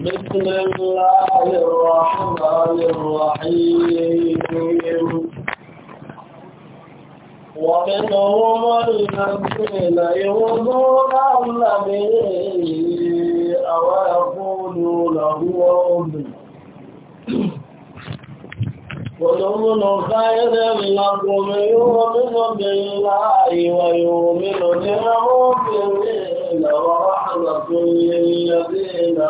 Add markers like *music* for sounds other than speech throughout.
بسم الله الرحمن الرحيم ومنهم الذين يؤذون النبي أو يقولون هو أذن قلوبنا خير لكم يؤمن بالله ويؤمن للمؤمنين ورحمة رحمة للذين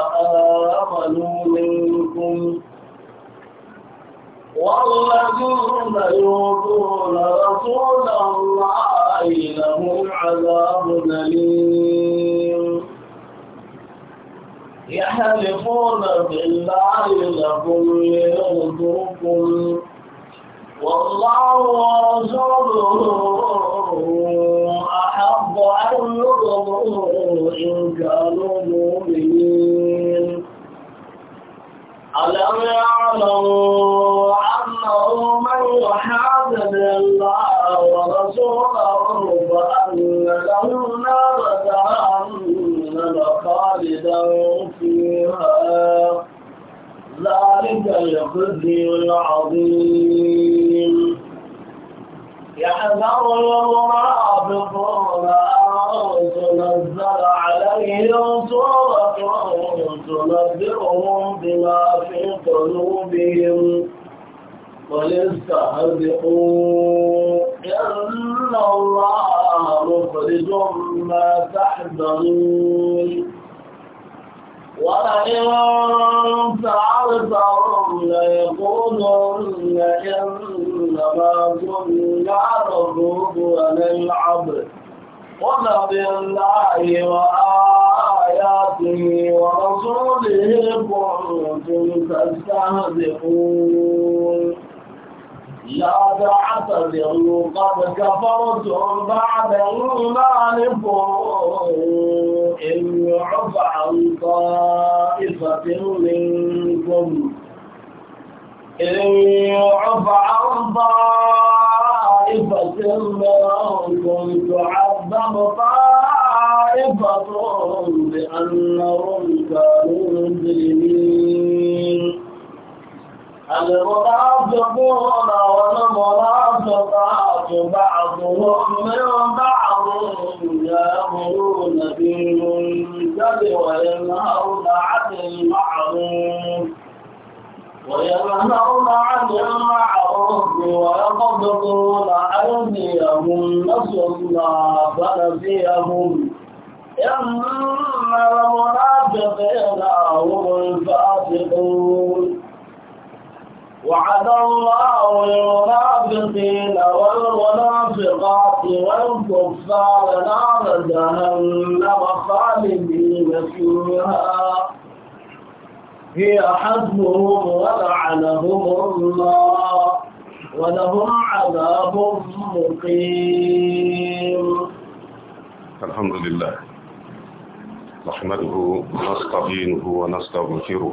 آمنوا منكم والذين يؤذون رسول الله لهم عذاب أليم يحلفون بالله لكم ليرضوكم والله ورسوله عنهم إن كانوا مؤمنين ألم يعلموا أنه من يحاسب الله ورسوله فأن له نار جهنم خالدا فيها ذلك الخزي العظيم يحذر المرابطون أن تنزل عليهم سورة تنذرهم بما في قلوبهم قل استهزئوا إن الله مخرج ما تحذرون aụarum na-ee ụlọ ọrụ na-rịruruna aagụụde arụụ bụaeaabrị nwadaa aịa aanyị adụghị wa ụa-eeụ ụdụm dawụ لا تعتذروا قد كفرتم بعد إيمانكم إن يعف عن طائفة منكم إن يعف عن طائفة منكم تعذب طائفة بأنهم كانوا مجرمين المنافقون بعضهم من بعض يامرون بالمنكر وينهون عن المعروف وينهون عن المعروف ويقبضون أيديهم نسوا الله فنسيهم إن المنافقين هم الفاسقون وعد الله المنافقين والمنافقات والكفار نار جهنم خالدين فيها هي حزبهم ولعنهم الله ولهم عذاب مقيم الحمد لله نحمده ونستعينه ونستغفره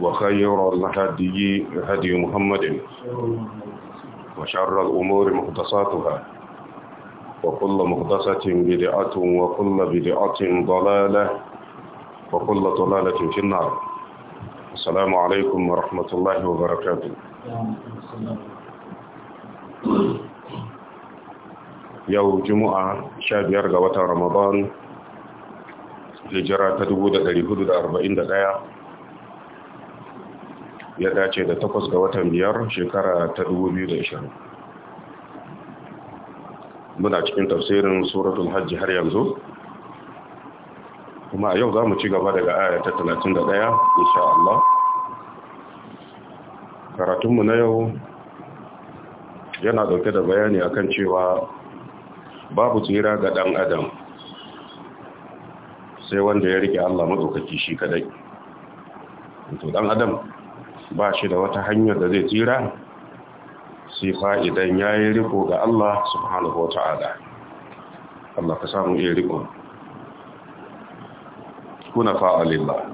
وخير الهدي هدي محمد وشر الأمور محدثاتها وكل محدثة بدعة وكل بدعة ضلالة وكل ضلالة في النار السلام عليكم ورحمة الله وبركاته yau شاب 15 رمضان watan ramadan hijira ta دقيقة ya dace da takwas ga watan biyar shekara ta 2020 muna cikin tafsirin suratul hajji har yanzu kuma a yau za mu ci gaba daga aya ta 31 insha Allah karatunmu na yau yana dauke da bayani akan cewa babu tsira ga dan adam sai wanda ya rike Allah maɗaukaki shi kadai to dan adam ba shi da wata hanyar da zai tsira sai idan ya yi riko ga Allah subhanahu wa ta'ala Allah ka samu iya riko kuna fa'alillah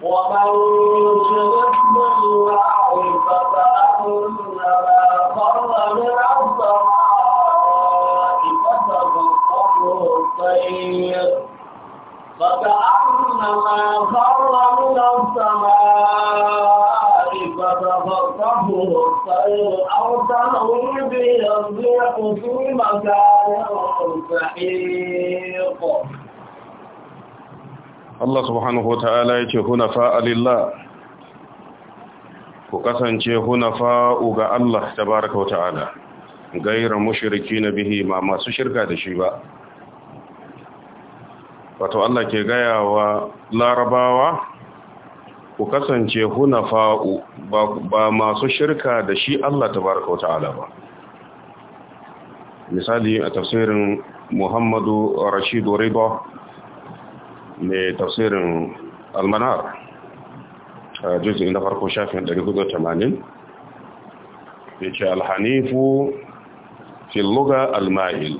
ومن شرك بالله فسأكون الطير فكأنما خر من السماء فتخطفه الطير أو تهوي به الريح في مكان سحيق Allah subhanahu wa ta'ala yake hunafa alillah ku kasance fa'u ga Allah tabaraka wa ta'ala gaira mushriki na bihi ma masu shirka da shi ba wato Allah ke gaya wa larabawa ku kasance hunafa'u ba masu shirka da shi Allah tabaraka ala ba misali a tafsirin Muhammadu Rashidu Riba mai tafsirin Almanar a juzin na farko shafin 480 ya ce alhanifu filoga almail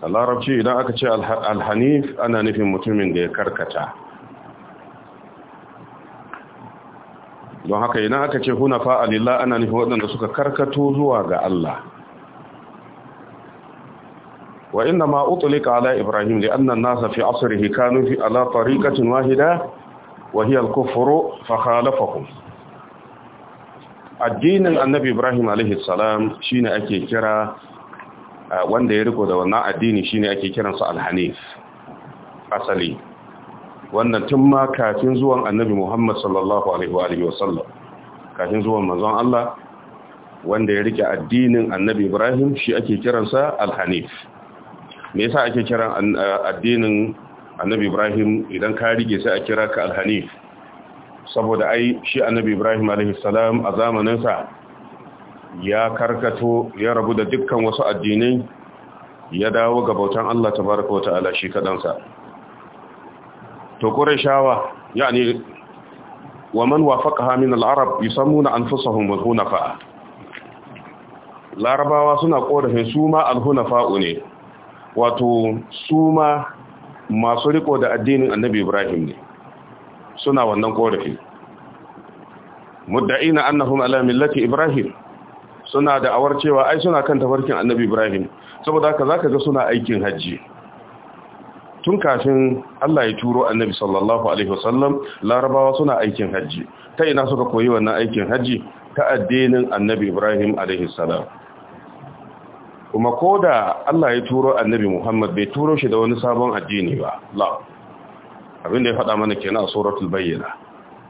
a larabci idan aka ce alhanif ana nufin mutumin da ya karkata don haka idan aka ce hunafa alillah ana nufin waɗanda suka karkato zuwa ga Allah wa inna ma utulika ala ibrahim li anna nasa fi asrihi kanu fi ala tariqatin wahida wa hiya al-kufru fa addinin annabi ibrahim alaihi salam shine ake kira wanda ya riko da wannan addini shine ake kiransa al-hanif asali wannan tun ma kafin zuwan annabi Muhammad sallallahu alaihi wa sallam kafin zuwan manzon Allah wanda ya rike addinin annabi Ibrahim shi ake kiransa al-hanif me yasa ake kiran eh, addinin annabi Ibrahim idan ka rike sai a kira ka al-hanif saboda ai shi annabi Ibrahim alaihi salam a zamaninsa ya karkato ya rabu da dukkan wasu addinai ya dawo ga bautan Allah baraka wa ta'ala shi kadansa to shawa yani man wafaqaha min al-arab yusammuna anfusahum al-hunafa larabawa suna korafin su ma al-hunafa ne wato su ma masu riko da addinin annabi ibrahim ne suna wannan korafi mudda'ina annahum ala millati ibrahim suna da awar cewa ai suna kan tafarkin annabi ibrahim saboda haka zaka ga suna aikin hajji tun kafin allah ya turo annabi sallallahu alaihi wasallam larabawa suna aikin hajji ta ina suka koyi wannan aikin hajji ta addinin annabi ibrahim alaihi salam kuma ko da allah ya turo annabi muhammad bai turo shi da wani sabon addini ba la abin da ya faɗa mana kenan a suratul bayyana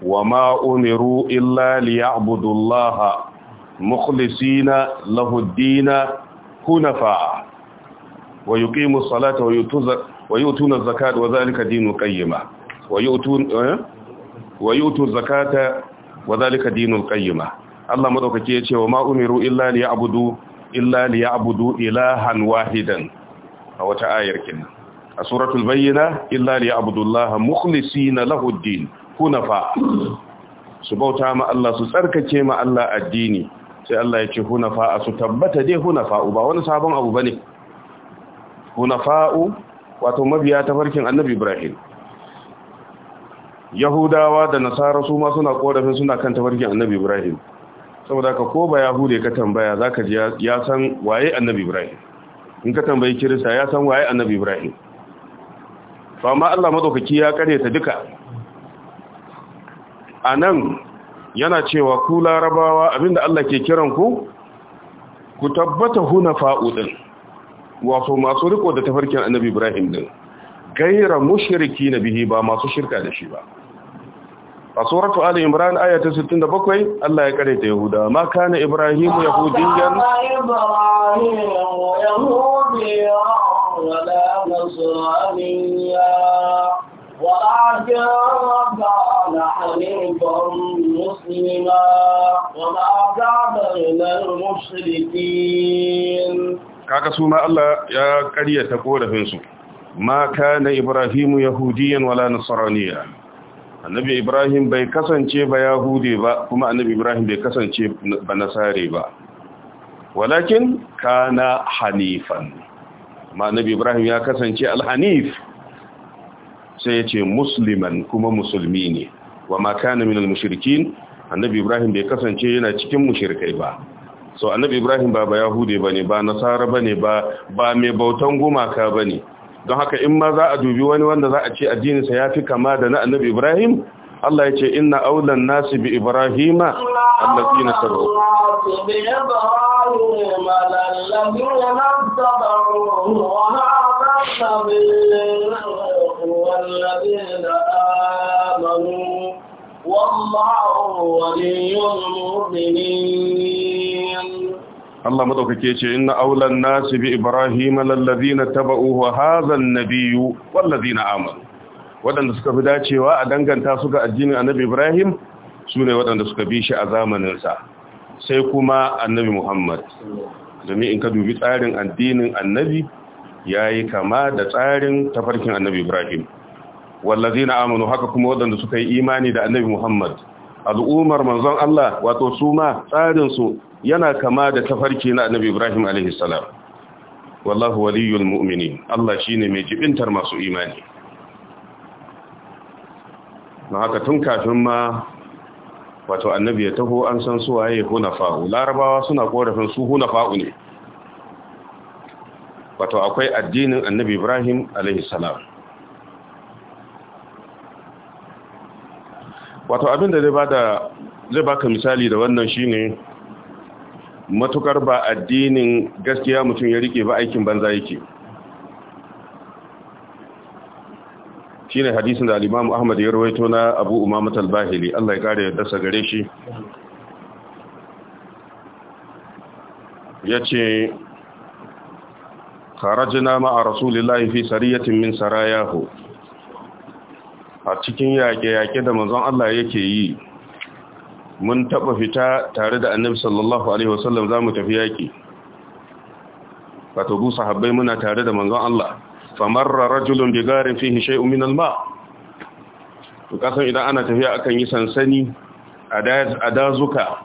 wa ma umiru illa liya'budullaha mukhlisina lahu dina hunafa wa yuqimu salata wa yutuza wa zakata wa dinu qayyima wa yutun wa ma umiru illa liya'budu illa ilahan wahidan a wata ayar kin a suratul bayyina illa liya'budu Allah hunafa su bauta ma Allah su tsarkake ma Allah addini sai Allah ya ce hunafa'a su tabbata dai hunafa'u ba wani sabon abu bane hunafa'u wato mabiya ta farkin annabi Ibrahim Yahudawa da Nasara su ma suna korafin suna kan tafarkin annabi Ibrahim saboda ka ko ba Yahude ka tambaya zaka ji ya san waye annabi Ibrahim in ka tambayi Kirista ya san waye annabi Ibrahim fama Allah madaukaki ya kare ta duka anan yana cewa ku larabawa abinda Allah ke kiran ku ku tabbata hunafa'u din wato masu riko da tafarkin annabi Ibrahim din gaira mushriki na bihi ba masu shirka da shi ba a suratu ali imran aya 67 Allah ya kare ta yahuda ma kana ibrahim yahudiyan wala nasraniya وما كان ربنا حنيفا مسلما وما كان من المشركين kaga su ma Allah ya ƙaryata ƙorafinsu ma kana ibrahimu yahudiyan wala nasraniya annabi ibrahim bai kasance ba yahudi ba kuma annabi ibrahim bai kasance ba nasare ba walakin kana hanifan ma annabi ibrahim ya kasance alhanif hanif sai ya ce musliman kuma musulmi ne wa ma kana minal mushrikin annabi ibrahim bai kasance yana cikin mushrikai ba so annabi ibrahim ba ba yahude bane ba nasara bane ba ba mai bautan gumaka bane don haka in ma za a dubi wani wanda za a ce addininsa ya fi kama da na annabi ibrahim Allah ya ce inna aulan nasi bi ibrahima allazina sabu bi والذين آمنوا والله ولي المؤمنين Allah madaukake ce inna aulan nasi bi Ibrahim lallazina taba'u wa hadha an-nabiyyu suka fi dacewa a danganta suka addinin annabi Ibrahim sune waɗanda suka bi shi a zamaninsa, sai kuma annabi Muhammad domin in ka dubi tsarin addinin annabi Ya yi kama da tsarin tafarkin annabi Ibrahim na amanu haka kuma wadanda suka yi imani da annabi Muhammad Al'ummar manzon Allah wato su ma tsarin su yana kama da tafarki na annabi Ibrahim alaihi salam wallahu waliyul mu'minin Allah shine mai jibintar masu imani na haka tun kafin ma wato annabi ya taho an san su waye hunafa'u larabawa suna korafin su hunafa'u ne wato akwai addinin annabi ibrahim salam wato abinda zai baka misali da wannan shine matukar ba addinin gaskiya mutum ya rike ba aikin banza yake shine hadisin da al-Imam Ahmad ya rawaito na Abu Umama al-Bahili Allah ya kare yadda gare shi yace kharajna a rasulillahi fi sariyatin min sarayahu a cikin yaƙe-yaƙe da manzon Allah yake yi mun taɓa fita tare da annabi sallallahu alaihi wasallam za mu tafi yaƙi wato bu sahabbai muna tare da manzon Allah famarra rajulun bi garin fihi shay'un ba. al idan ana tafiya akan yi sansani a dazuka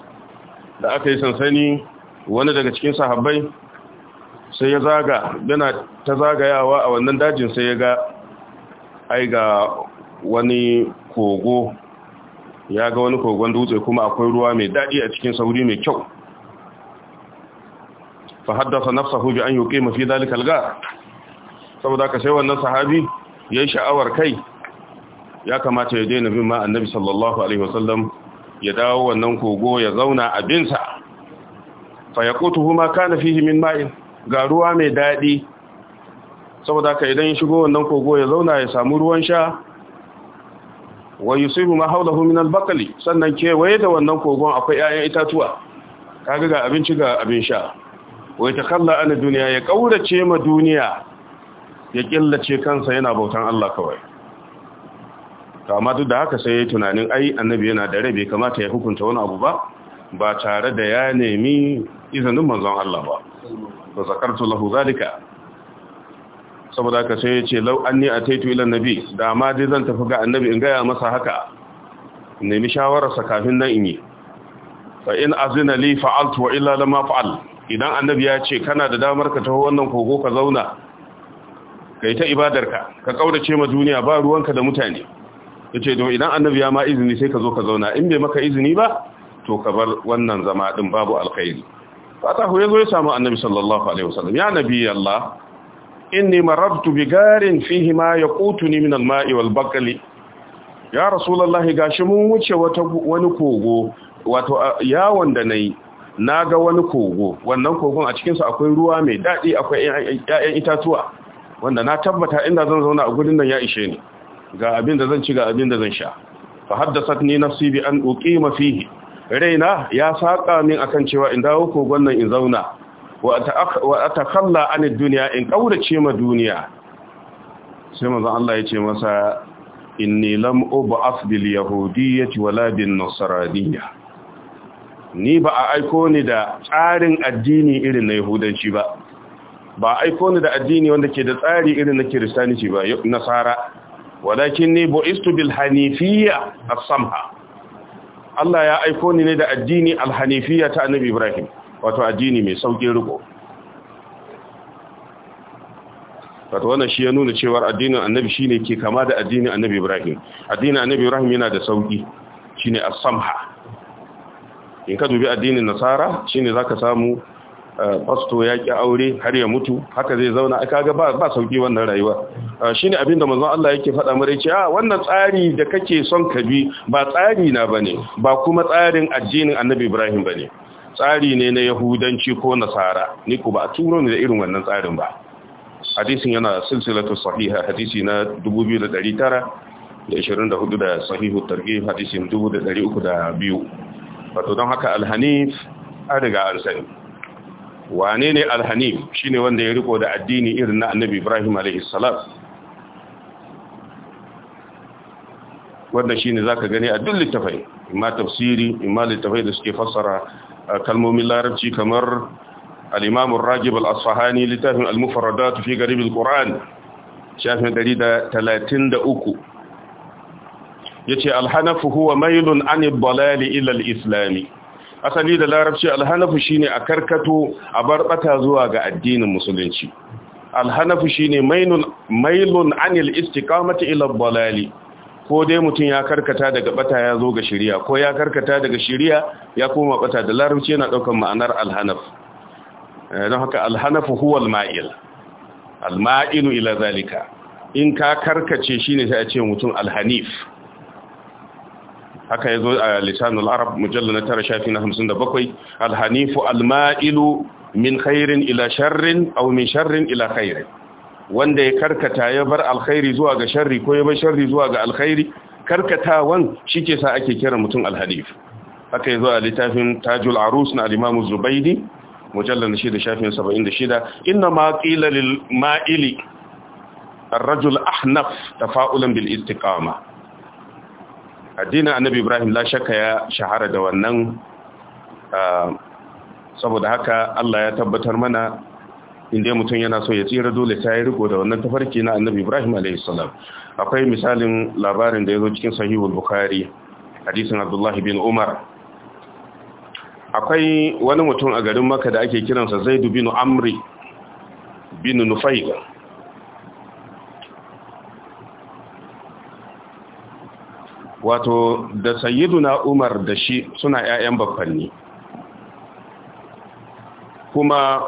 da aka yi sansani wani daga cikin sahabbai sai ya zaga yana ta zagayawa a wannan dajin sai ya ga ai ga wani kogo ya ga wani kogon dutse kuma akwai ruwa mai daɗi a cikin sauri mai kyau fa haddasa nafsahu bi an yuqima fi dhalika algar saboda ka sai wannan sahabi yayi sha'awar kai ya kamata ya daina bin ma annabi sallallahu alaihi wasallam ya dawo wannan kogo ya zauna a binsa fa yaqutuhu ma kana fihi min ma'in ga ruwa mai daɗi saboda ka idan shigo wannan kogo ya zauna ya samu ruwan sha wa yusibu ma hawlahu min al sannan kewaye da wannan kogon akwai 'ya'yan itatuwa kaga ga abinci ga abin sha wa kalla an duniya ya kaurace ma duniya ya killace kansa yana bautan Allah kawai amma duk da haka sai yayi tunanin ai annabi yana da rabe kamata ya hukunta wani abu ba ba tare da ya nemi izinin manzon Allah ba fa zakartu lahu zalika saboda haka sai yace law anni ataitu ila annabi da ma dai zan tafi ga annabi in gaya masa haka nemi shawararsa kafin nan in yi fa in azina li fa'altu wa illa lama fa'al idan annabi ya ce kana da damar ka taho wannan kogo ka zauna kai ta ibadarka ka kaurace ma duniya ba ruwanka da mutane yace don idan annabi ya ma izini sai ka zo ka zauna in bai maka izini ba to ka bar wannan zama din babu alkhairi fatahu yazo ya samu annabi sallallahu alaihi wasallam ya nabi Allah inni marabtu bi garin fihi ma yaqutuni min al-ma'i wal baqli ya rasulullahi gashi mun wuce wata wani kogo wato yawon da nayi naga wani kogo wannan kogon a cikin sa akwai ruwa mai dadi akwai ƴaƴan itatuwa wanda na tabbata inda zan zauna a gurin nan ya ishe ni ga abin da zan ci ga abin da zan sha fa haddathatni nafsi bi an uqima fihi raina ya saka min akan cewa in dawo kogon nan in zauna wa atakalla an duniya in kaurace ma duniya sai mazan Allah ya ce masa inni lam ub'ath bil yahudiyyati wala bin nasraniyya ni ba a aiko ni da tsarin addini irin na yahudanci ba ba a aiko ni da addini wanda ke da tsari irin na kiristanci ba nasara walakin ni istu bil Hanifiya as-samha Allah ya aiko ni ne da addini alhanifiya ta annabi Ibrahim wato addini mai saukin riko wato wannan shi ya nuna cewa addinin annabi shine ke kama da addinin annabi Ibrahim addinin annabi Ibrahim yana da sauki shine as-samha in ka dubi addinin nasara shine zaka samu fasto eh, ya ƙi aure har ya mutu haka zai zauna Ai kaga ba sauki wannan rayuwa eh, shi ne abinda manzon Allah yake faɗa mara ce a ah, wannan tsari da kake son ka bi ba tsari na ba ne ba kuma tsarin addinin annabi ibrahim ba ne tsari ne na yahudanci ko nasara ni ku ba a turo ni da irin wannan tsarin ba hadisin yana silsilatu sahiha hadisi na 2924 da sahihu targhib hadisin 2302 wato don haka alhanif an riga an sani wane ne alhanif ne wanda ya riko da addini irin na annabi ibrahim alaihissalam wanda shi ne za ka gani a duk littafai imma tafsiri imma littafai da suke fassara kalmomin larabci kamar al’imamun Rajib ragib al-asfahani littafin al-mufradat fi garib al-quran shafin 133 yace ce alhanafu huwa mailun an balali ilal islami asali da larabci alhanafu shine a karkato a barbata zuwa ga addinin musulunci alhanafu shine mailun mailun anil istiqamati ila dalali ko dai mutum ya karkata daga bata ya zo ga shari'a ko ya karkata daga shari'a ya koma bata da larabci yana daukar ma'anar alhanaf eh, don haka alhanafu huwa alma'il alma'ilu ila zalika in ka karkace shine sai a ce mutum alhanif haka ya zo a lisanul arab mujallu na tara shafi na hamsin da bakwai alhanifu alma'ilu min khairin ila sharrin au min sharrin ila khairin wanda ya karkata ya bar alkhairi zuwa ga sharri ko ya bar sharri zuwa ga alkhairi karkatawan shi ke sa ake kira mutum alhanif haka ya zo a littafin tajul arus na alimamu zubaidi mujallar na shida shafin saba'in da shida inna ma ƙila lil ma'ili الرجل أحنف تفاؤلا بالاستقامة addinin annabi ibrahim la shakka ya shahara da wannan saboda haka Allah ya tabbatar mana inda mutum yana so ya tsira dole ta yi riko da wannan tafarki na annabi ibrahim alaihissalam akwai misalin labarin da ya zo cikin sahihul bukhari hadisin abdullahi bin umar akwai wani mutum a garin maka da ake kiransa zaidu bin amri bin nufai wato da sayyiduna umar da shi suna 'ya'yan bakwanni kuma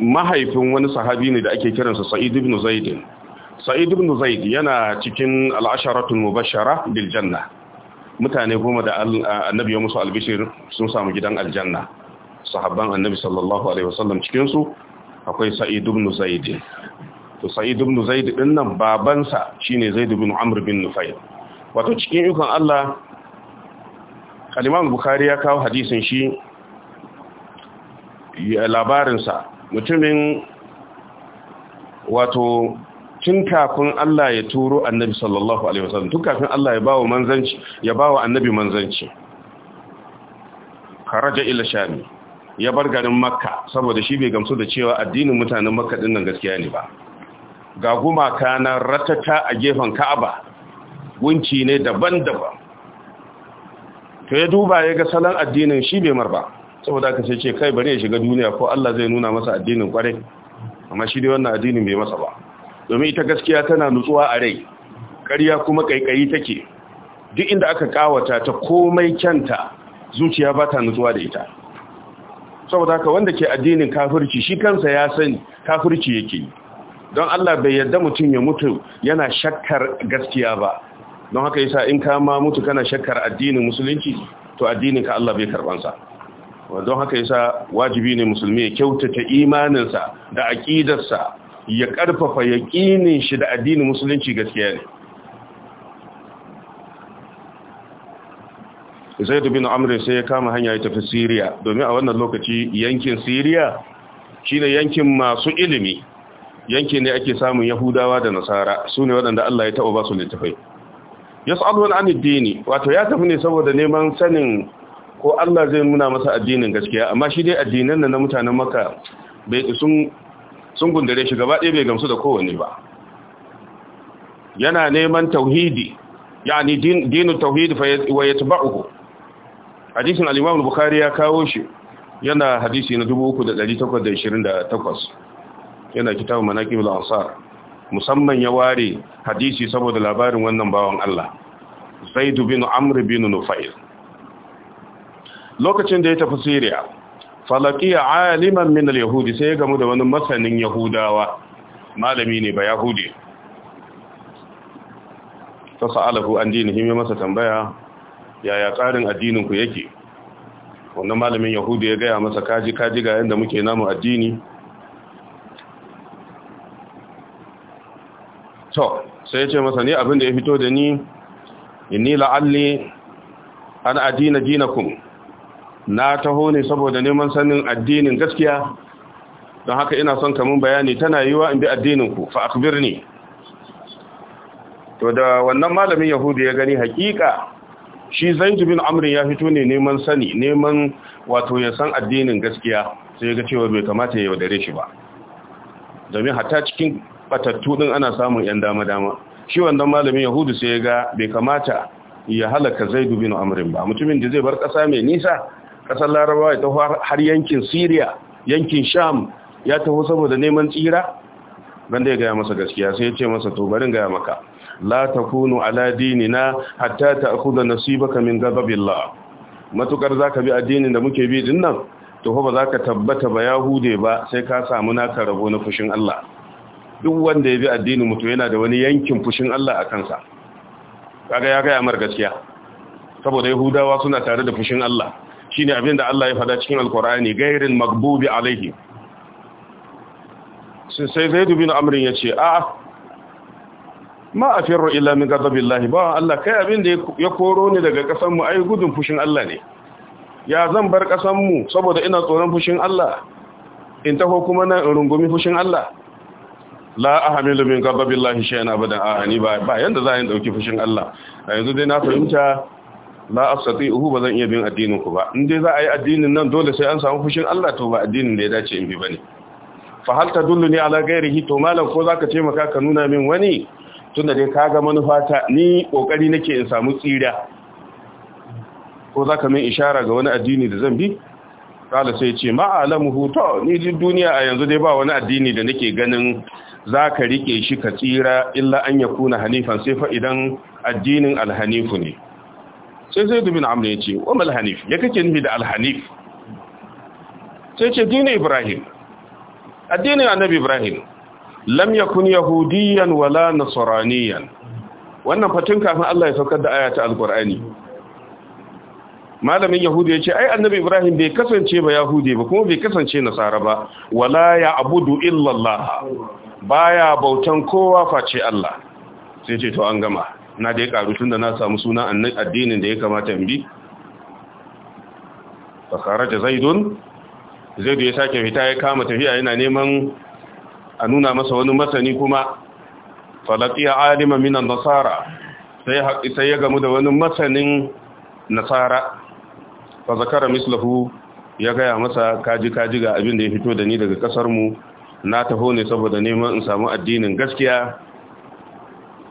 mahaifin wani sahabi ne da ake kiransa sa'id ibn zaidin sa'id ibn zaid yana cikin al'asharatul mubashara biljanna, mutane goma da annabi ya musu albishir sun samu gidan aljanna sahabban annabi sallallahu alaihi wasallam cikin akwai sa'id ibn zaid to sa'id ibn zaid din nan babansa shine zaid ibn amr bin nufayl wato cikin ikon Allah kalimamu Bukhari ya kawo hadisin shi labarinsa mutumin wato tun kafin Allah ya turo annabi sallallahu alaihi wasallam tun kafin Allah ya bawa manzanci ya bawo annabi manzanci karaja ila shami ya bar garin makka saboda shi bai gamsu da cewa addinin mutanen makka dinnan gaskiya ne ba ga gumaka na ratata a gefen ka'aba gunci ne daban-daban to ya duba ya ga salon addinin shi bai marba saboda ka sai ce kai bari ya shiga duniya ko Allah zai nuna masa addinin kwarai amma shi dai wannan addinin bai masa ba domin ita gaskiya tana nutsuwa a rai ƙarya kuma ƙaiƙayi take duk inda aka kawata ta komai kyanta zuciya ba ta nutsuwa da ita saboda haka wanda ke addinin kafirci shi kansa ya sani kafirci yake don Allah bai yarda mutum ya mutu yana shakkar gaskiya ba don haka yasa in ka ma mutu kana shakkar addinin musulunci to addinin ka Allah bai karbansa don haka yasa wajibi ne musulmi ya kyautata imaninsa da aƙidarsa ya karfafa yaqinin shi da addinin musulunci gaskiya ne Zaid bin Amr sai ya kama hanya ya tafi Syria domin a wannan lokaci yankin Syria shine yankin masu ilimi yankin ne ake samun Yahudawa da Nasara Su ne waɗanda Allah ya taɓa ba su littafai yas'alun an dini, wato ya tafi ne saboda neman sanin ko Allah zai nuna masa addinin gaskiya amma shi dai addinan nan na mutanen maka bai sun sun gundare shi gaba ɗaya bai gamsu da kowanne ba yana neman tauhidi yani dinu tauhidi wa yatba'uhu hadisin al-Imam al-Bukhari ya kawo shi yana hadisi na 3828 yana kitabu manaqib al-ansar musamman ya ware hadisi saboda labarin wannan bawan Allah Zaid bin Amr bin Nufail lokacin da ya tafi Syria falaqiya aliman min al-yahudi sai ya gamu da wani masanin yahudawa malami ne ba yahudi fa sa'alahu an dinihi mai masa tambaya yaya tsarin addinin ku yake wannan malamin yahudi ya gaya masa kaji kaji ga yanda muke namu addini to sai ya ce masa ni abin da ya fito da ni inni la'alli an adina dinakum na taho ne saboda neman sanin addinin gaskiya don haka ina son kamun bayani tana wa in bi addininku fa akhbirni to da wannan malamin yahudi ya gani hakika shi zaid bin amr ya fito ne neman sani neman wato ya san addinin gaskiya sai ya ga cewa bai kamata ya yaudare shi ba domin hatta cikin batattu din ana samun yan dama dama shi wannan malamin yahudu sai ya ga bai kamata ya halaka zaidu bin amrin ba mutumin da zai bar kasa mai nisa kasar larabawa ya taho har yankin syria yankin sham ya taho saboda neman tsira ban da ya gaya masa gaskiya sai ya ce masa to barin gaya maka la takunu ala dinina hatta ta'khudha nasibaka min ghadabillah matukar zaka bi addinin da muke bi din nan to fa ba zaka tabbata ba yahude ba sai ka samu naka rabo na fushin Allah duk wanda ya bi addini mutu yana da wani yankin fushin Allah a kansa kaga ya gaya mar gaskiya saboda yahudawa suna tare da fushin Allah shine abinda Allah ya fada cikin alkur'ani gairin magbubi alaihi sai zai dubi na amr ya ce a ma a illa min gazabillahi ba Allah kai abinda ya koro ni daga mu ai gudun fushin Allah ne ya zan bar mu saboda ina tsoron fushin Allah in taho kuma na rungumi fushin Allah la ahamilu min ghadabillahi shay'an a ahani ba ba yanda za yin dauki fushin Allah a yanzu dai na fahimta la astati'uhu ba zan iya bin addinin ku ba in dai za a yi addinin nan dole sai an samu fushin Allah to ba addinin da ya dace in bi bane fa hal ni ala ghairihi to malam ko zaka ce maka ka nuna min wani tunda dai kaga ta ni kokari nake in samu tsira ko zaka min ishara ga wani addini da zan bi kala sai ce ma'alamu to ni duniya a yanzu dai ba wani addini da nake ganin za ka rike shi ka tsira illa an ya kuna hanifan sai fa idan addinin alhanifu ne sai sai dubin amna ya ce wa malhanif ya kake nufi da alhanif sai ce dina ibrahim addinin annabi ibrahim lam yakun yahudiyan wala nasraniyan wannan fatin kafin Allah ya saukar da ayata alqur'ani malamin yahudu ya ce ai annabi ibrahim bai kasance ba yahudi ba kuma bai kasance nasara ba wala ya abudu illallah baya bautan kowa face Allah sai ce to an gama na da ya karu tun da na samu suna annan addinin da ya kamata in bi fa kharaja zaidun zaidu ya sake fita ya kama tafiya yana neman a nuna masa wani masani kuma falaqiya aliman minan nasara sai ya gamu da wani masanin nasara fa zakara mislahu ya gaya masa kaji kaji ga abin da ya fito da ni daga kasar mu na taho ne saboda neman in samu addinin gaskiya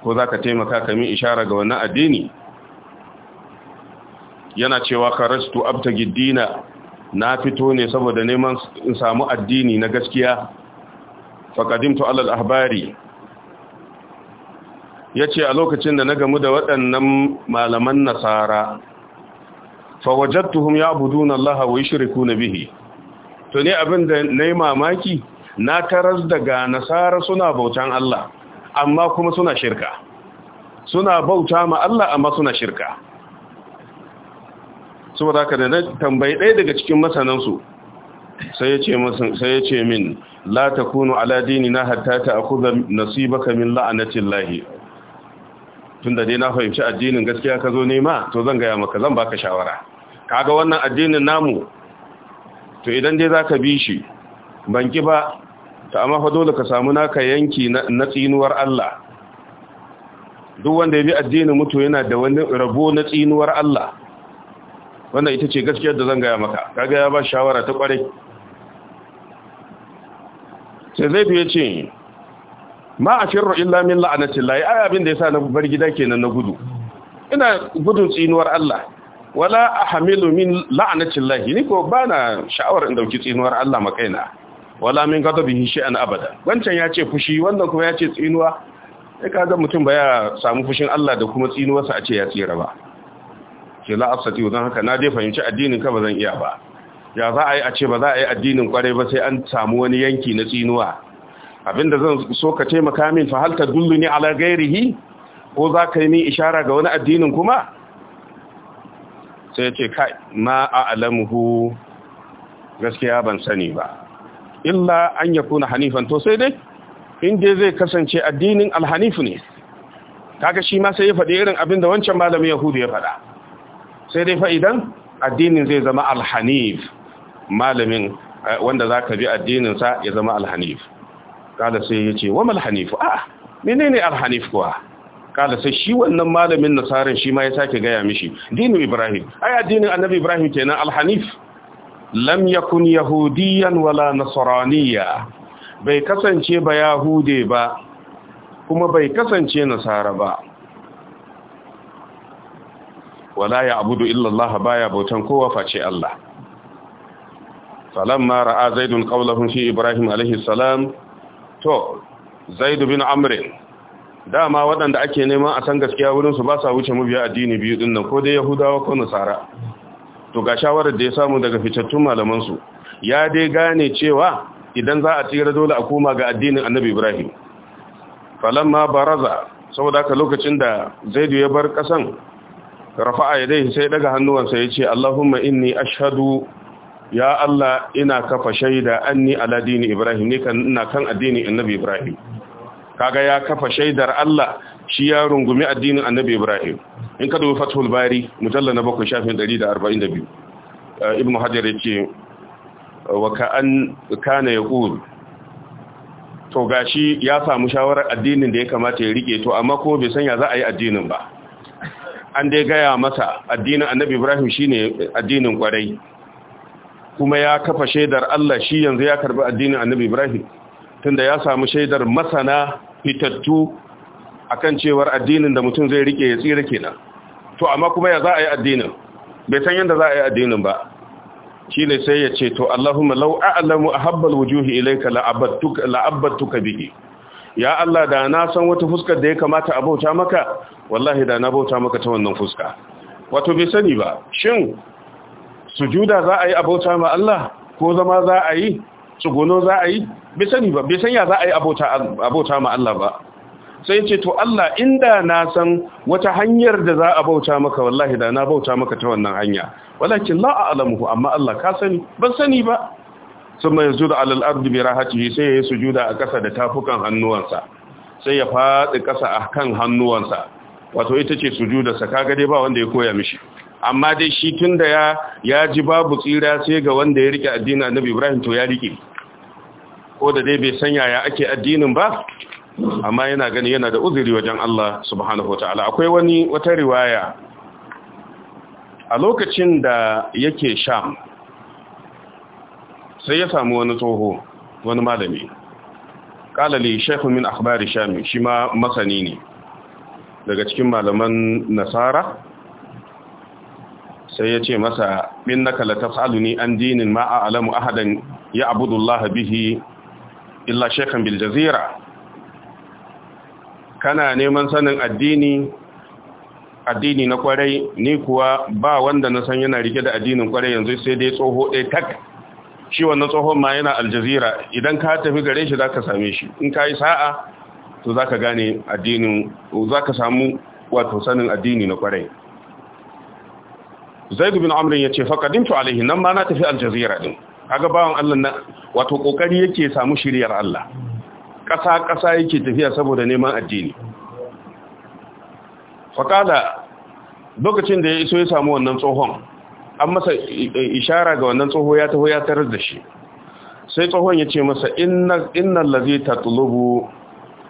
ko za ka taimaka ka min ishara ga wannan addini yana cewa karastu abta giddina na fito ne saboda neman in samu addini na gaskiya faƙadimtu alal ahbari ya ce a lokacin da na gamu da waɗannan malaman nasara fawajattuhum ya buduna allaha wa yushriku bihi to ne abin da nayi mamaki na taras daga nasara suna bautan Allah amma kuma suna shirka suna bauta ma Allah amma suna shirka saboda ka da tambayi ɗaya daga cikin masanansu sai ya ce min la takunu ala na hatta ta'khudha nasibaka min la'anatillahi tunda dai na fahimci addinin gaskiya ka zo nema to zan gaya maka zan baka shawara kaga wannan addinin namu to idan dai zaka bi shi banki ba ta amma fa dole ka samu naka yanki na tsinuwar Allah duk wanda ya bi addinin mutu yana da wani rabo na tsinuwar Allah wannan ita ce gaskiyar da zan gaya maka kaga ya ba shawara ta kware sai zai fiye ce ma a firro illa min la'anati layi ai abin da ya sa na bar gida kenan na gudu ina gudun tsinuwar Allah wala a hamilu min la'anati layi ni ko ba na sha'awar in dauki tsinuwar Allah makaina wala min ghadabihi na abada wancan yace ce fushi wannan kuma ya tsinuwa sai kaga mutum baya ya samu fushin Allah da kuma tsinuwarsa a ce ya tsira ba ke la asati don haka na dai fahimci addinin ka ba zan iya ba ya za a yi a ce ba za a yi addinin kwarai ba sai an samu wani yanki na tsinuwa abinda zan so ka taimaka min fa halta dullu ni ala ghairihi ko za ka yi ni ishara ga wani addinin kuma sai ce kai ma a'lamuhu gaskiya ban sani ba illa an kuna hanifan to sai dai inda zai kasance addinin alhanifu ne kaga shi ma sai ya faɗi irin abin da wancan malamin yahudu ya faɗa sai dai fa idan addinin zai zama alhanif malamin eh, wanda za ka bi addininsa ya zama alhanif Kala sai ya ce wa malhanifu a menene alhanif kuwa Kala sai shi wannan malamin nasarar shi ma ya sake gaya mishi dinin ibrahim ai addinin annabi ibrahim kenan alhanif lam yakun yahudiyan wala nasraniya bai kasance ba yahude ba kuma bai kasance nasara ba wala ya abudu illallah baya bautan kowa face Allah falamma ra'a zaidun qawlahum fi ibrahim alaihi salam to zaid bin amr dama waɗanda ake neman a san gaskiya wurin su ba sa wuce mabiya addini biyu dinnan ko dai yahudawa ko nasara to ga shawarar da ya samu daga fitattun malamansu ya dai gane cewa idan za a tsira dole a koma ga addinin annabi ibrahim falamma baraza saboda haka lokacin da zaidu ya bar kasan rafa'a ya dai sai daga hannuwansa ya ce allahumma inni ashadu. ya allah ina kafa shaida anni ala dini ibrahim ne kan ina kan addinin annabi ibrahim kaga ya kafa shaidar allah shi ya rungumi addinin annabi ibrahim in ka dubi fathul bari mujalla na bakwai shafin 142 eh, ibn hajar yace wa an kana yaqul to gashi ya samu shawarar addinin da ya kamata ya rike to amma ko bai sanya za a yi addinin ba an dai gaya masa addinin annabi ibrahim shine addinin kwarai kuma ya kafa shaidar Allah shi yanzu ya karbi addinin annabi ibrahim tunda ya samu shaidar masana fitattu akan cewar addinin da mutum zai rike ya tsira kenan to amma kuma ya za a yi addinin bai san yadda za a yi addinin ba shine sai ya ce to Allahumma law a'lamu ahabbal wujuhi ilayka la'abattuka la'abattuka bihi ya Allah da na san wata fuskar da ya kamata a bauta maka wallahi da na bauta maka ta wannan fuska wato bai sani ba shin sujuda za a yi a bauta ma Allah ko zama za a yi tsugono za a yi bai sani ba bai san ya za a yi a bauta ma Allah ba sai ce to Allah inda na san wata hanyar da za a bauta maka wallahi da na bauta maka ta wannan hanya walakin la alamu amma Allah ka sani ban sani ba summa yajudu da alal ardi bi rahatihi sai yayi sujuda a ƙasa da tafukan hannuwansa sai ya fadi ƙasa a kan hannuwansa wato ita ce sa kaga dai ba wanda ya koya mishi amma dai shi tunda ya ya ji babu tsira sai ga wanda ya rike addinin Annabi Ibrahim to ya rike ko da dai bai san yaya ake addinin ba amma yana gani yana da uzuri wajen Allah subhanahu wa ta'ala akwai wani wata riwaya a lokacin da yake sham sai ya samu wani tsoho wani malami kalali shekhu min akhbari shami shi ma masani ne daga cikin malaman nasara sai ya ce masa min naka latas'aluni an dinin ma a'lamu ahadan ya AbudulLahabihi bihi illa shekhan bil jazira kana neman sanin addini addini na kwarai ni kuwa ba wanda na san yana rike da addinin kwarai yanzu sai dai tsoho ɗaya tak shi wannan tsohon ma yana aljazira idan ka tafi gare shi za ka same shi in ka yi sa'a to za ka gane addinin za ka samu wato sanin addini na kwarai zaidu bin amrin ya ce faƙadintu alaihi nan ma na tafi aljazira din kaga bawan allah na wato ƙoƙari yake samu shiryar allah ƙasa-ƙasa yake tafiya saboda neman addini faƙada lokacin da ya iso ya samu wannan tsohon an masa ishara ga wannan tsoho ya taho ya tarar da shi sai tsohon ya ce masa Inna lazi ta tulubu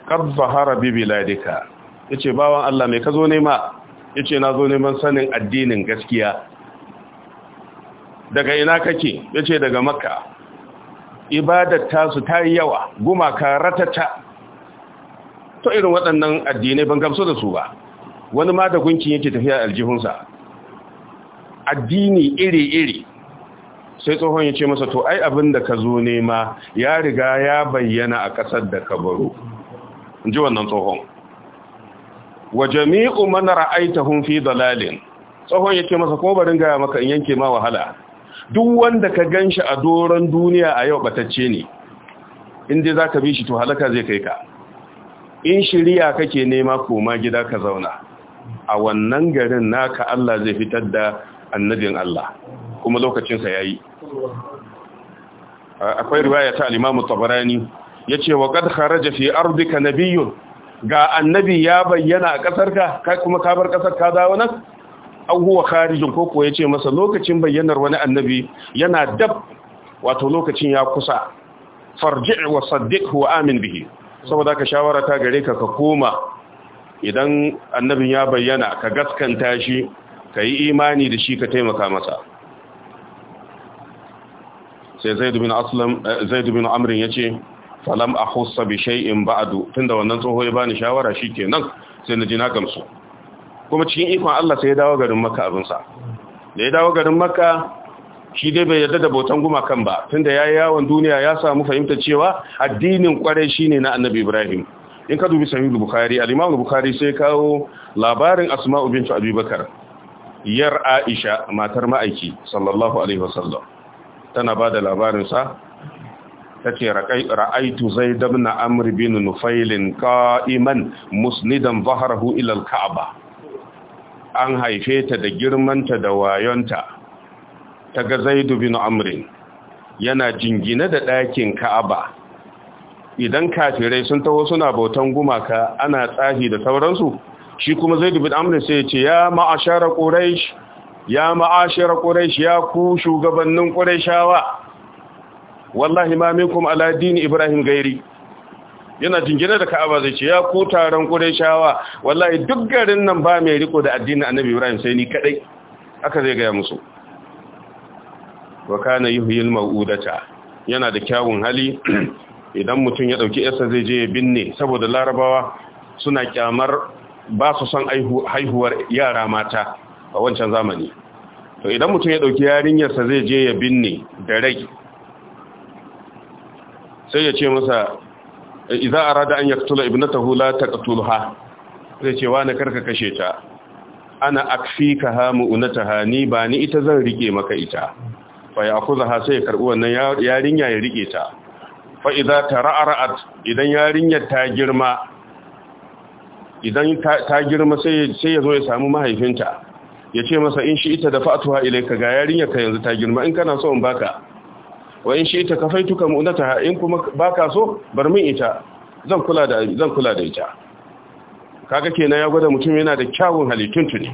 ƙabba harabi biladika ya ce bawan Allah mai ka zo nema ya ce na zo neman sanin addinin gaskiya daga ina kake ya ce daga makka ibadar su ta yi yawa gumaka ratata to irin waɗannan addinai ban gamsu da su ba wani ma da gunkin yake tafiya aljihunsa addini iri-iri sai tsohon ya ce masa to ai abin da ka zo nema ya riga ya bayyana a ƙasar da ka baro in ji wannan tsohon wa jami'u ra'aita hun fi dalalin tsohon ya ce masa ko barin gaya maka in yanke ma wahala duk wanda ka gan shi a doron duniya a yau batacce ne in dai ka bi shi to halaka zai kai ka in shiriya kake nema koma gida ka zauna a wannan garin naka Allah zai fitar da annabin Allah kuma lokacinsa ya yi. akwai riwaya ta alimamu Tabarani. Ya ce wa qad haraja fi arzika nabiyyun ga annabi ya bayyana a kasarka ka, kuma ka bar kasar ka dawo nan an huwa kharijin ko kuwa yace masa lokacin bayyanar wani annabi yana dab wato lokacin ya kusa farji' wa saddiqhu wa amin bihi saboda ka shawara ta gare ka ka koma idan annabin ya bayyana ka gaskanta shi ka yi imani da shi ka taimaka masa sai zaidu bin aslam ya eh, bin amrin yace falam ahussa bi shay'in ba'du tunda wannan tsoho ya bani shawara shikenan sai na ji na gamsu kuma cikin ikon Allah sai ya dawo garin Makka abinsa da ya dawo garin Makka shi dai bai yarda da bautan gumakan ba tunda yayi yawon duniya ya samu fahimta cewa addinin kwarai shine na Annabi Ibrahim in ka dubi sahih bukhari bukhari sai kawo labarin asma'u bint Abubakar, yar aisha matar ma'aiki sallallahu alaihi wasallam tana da labarin sa ce ra'aitu zai damna amr bin Nufailin kaiman musnidan dhahrahu ilal ka'aba kabah an haife ta da girmanta da wayonta ta ga zaidu bin amrin yana jingine da ɗakin ka'aba idan kafirai sun taho suna bautan gumaka ana tsahi da sauransu shi kuma zaidu bin amrin sai ce ya ma'ashara ƙuraish ya ma'ashara ƙuraish ya ku shugabannin ƙuraishawa wallahi ma minkum ala dini ibrahim gairi yana jingina da ka'aba zai ce ya ku taron shawa. wallahi duk garin nan ba mai riko da addinin annabi ibrahim sai ni kadai aka zai gaya musu wa kana yuhyil mau'udata yana da kyawun hali *clears throat* idan mutum ya dauki yarsa zai je binne saboda larabawa suna kyamar ba su son haihuwar yara mata a wancan zamani to idan mutum ya dauki yarinyarsa zai je ya binne da rai sai ya ce masa idza arada an yaktula ibnatahu la taqtulha zai ce wani karka kashe ta ana akfika ha mu'nataha ni ba ni ita zan rike maka ita fa ya'khudha sai karbu wannan yarinya ya rike ta fa idza tara'arat idan yarinya ta girma idan ta girma sai sai yazo ya samu mahaifinta ya ce masa in shi ita da fa'atuha ilayka ga yarinya ka yanzu ta girma in kana so in baka wa in shi ta kafaituka mu'nataha in kuma baka so bar min ita zan kula da zan kula da ita kaga kenan ya gwada mutum yana da kyawun halittun tuni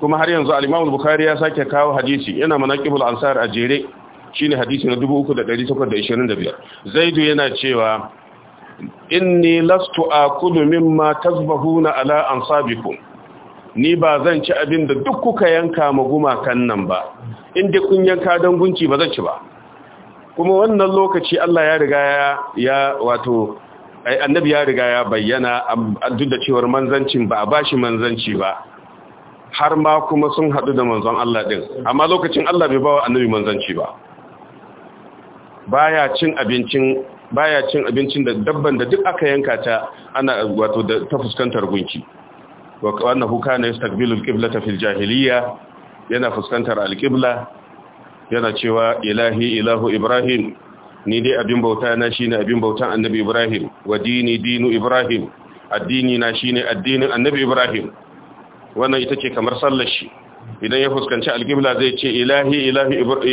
kuma har yanzu al-Imam Bukhari ya sake kawo hadisi yana manaqibul ansar a jere shine hadisi na 3825 Zaidu yana cewa inni lastu akulu mimma tazbahuna ala ansabikum ni ba zan ci abin da duk kuka yanka ma gumakan nan ba inda kun yanka don gunci ba zan ci ba kuma wannan lokaci Allah ya riga ya wato annabi ya riga ya bayyana duk da cewar manzancin ba a bashi manzanci ba har ma kuma sun haɗu da manzon Allah ɗin amma lokacin Allah bai bawa annabi manzanci ba baya cin abincin baya cin abincin da dabban da duk aka yanka ta ana wato da ta fuskantar gunki Wannan annahu na yastaqbilu al-qiblata fil jahiliya yana fuskantar alkibla, yana cewa ilahi ilahu ibrahim ni dai abin bauta na shine abin bautan annabi ibrahim wa dini dinu ibrahim addini na shine addinin annabi ibrahim wannan ita ce kamar sallar shi idan ya fuskanci alkibla zai ce ilahi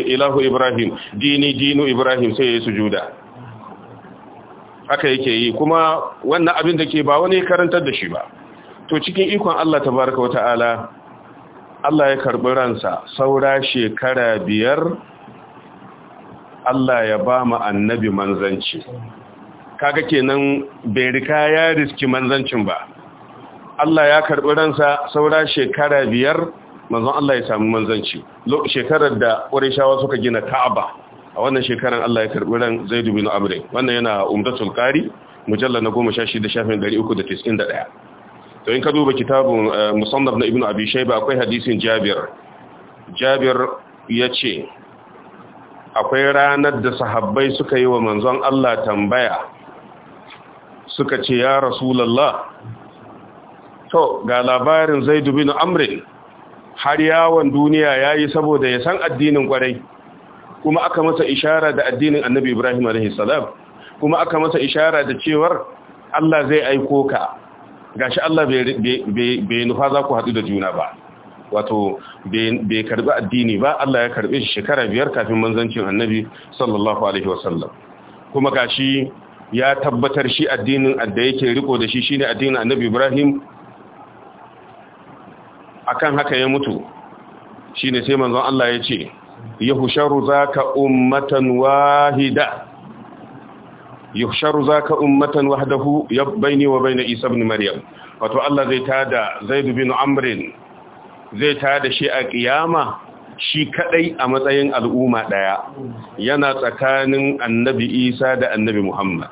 ilahu ibrahim dini dinu ibrahim sai ya yi sujuda haka yake yi kuma wannan abin da ke ba wani karantar da shi ba to cikin ikon Allah Ta baraka wa ta'ala Allah ya karɓi ransa saura shekara biyar Allah ya ba mu annabi manzanci kaga kenan bai rika ya riski manzancin ba Allah ya karɓi ransa saura shekara biyar manzon Allah ya samu manzanci shekarar da shawa suka gina Ka'aba a wannan shekarar Allah ya karɓi ran Zaid bin Amr wannan yana Umdatul Qari mujalla na 16 shafin 391 to in ka duba kitabun eh, musannaf na ibn abi shayba akwai hadisin jabir jabir yace akwai ranar da sahabbai suka yi wa manzon Allah tambaya suka ce ya rasulullah to ga labarin zaid bin amr har yawon duniya yayi saboda ya san addinin kwarai kuma aka masa ishara da addinin annabi ibrahim alaihi salam kuma aka masa ishara da cewar Allah zai aiko ka Ga shi Allah bai nufa za ku haɗu da juna ba wato bai karɓi addini ba Allah ya karɓi shi shekara biyar kafin manzancin annabi sallallahu alaihi wasallam kuma ga shi ya tabbatar shi addinin da yake riko da shi shine addinin annabi Ibrahim akan haka ya mutu shine sai manzon Allah ya ce yahusharu zaka ummatan wahida yuhsharu zaka ummatan wahdahu baini wa baina isa ibn maryam wato Allah zai tada zaid bin amr zai tada shi a kiyama shi kadai a matsayin al'umma daya yana tsakanin annabi isa da annabi muhammad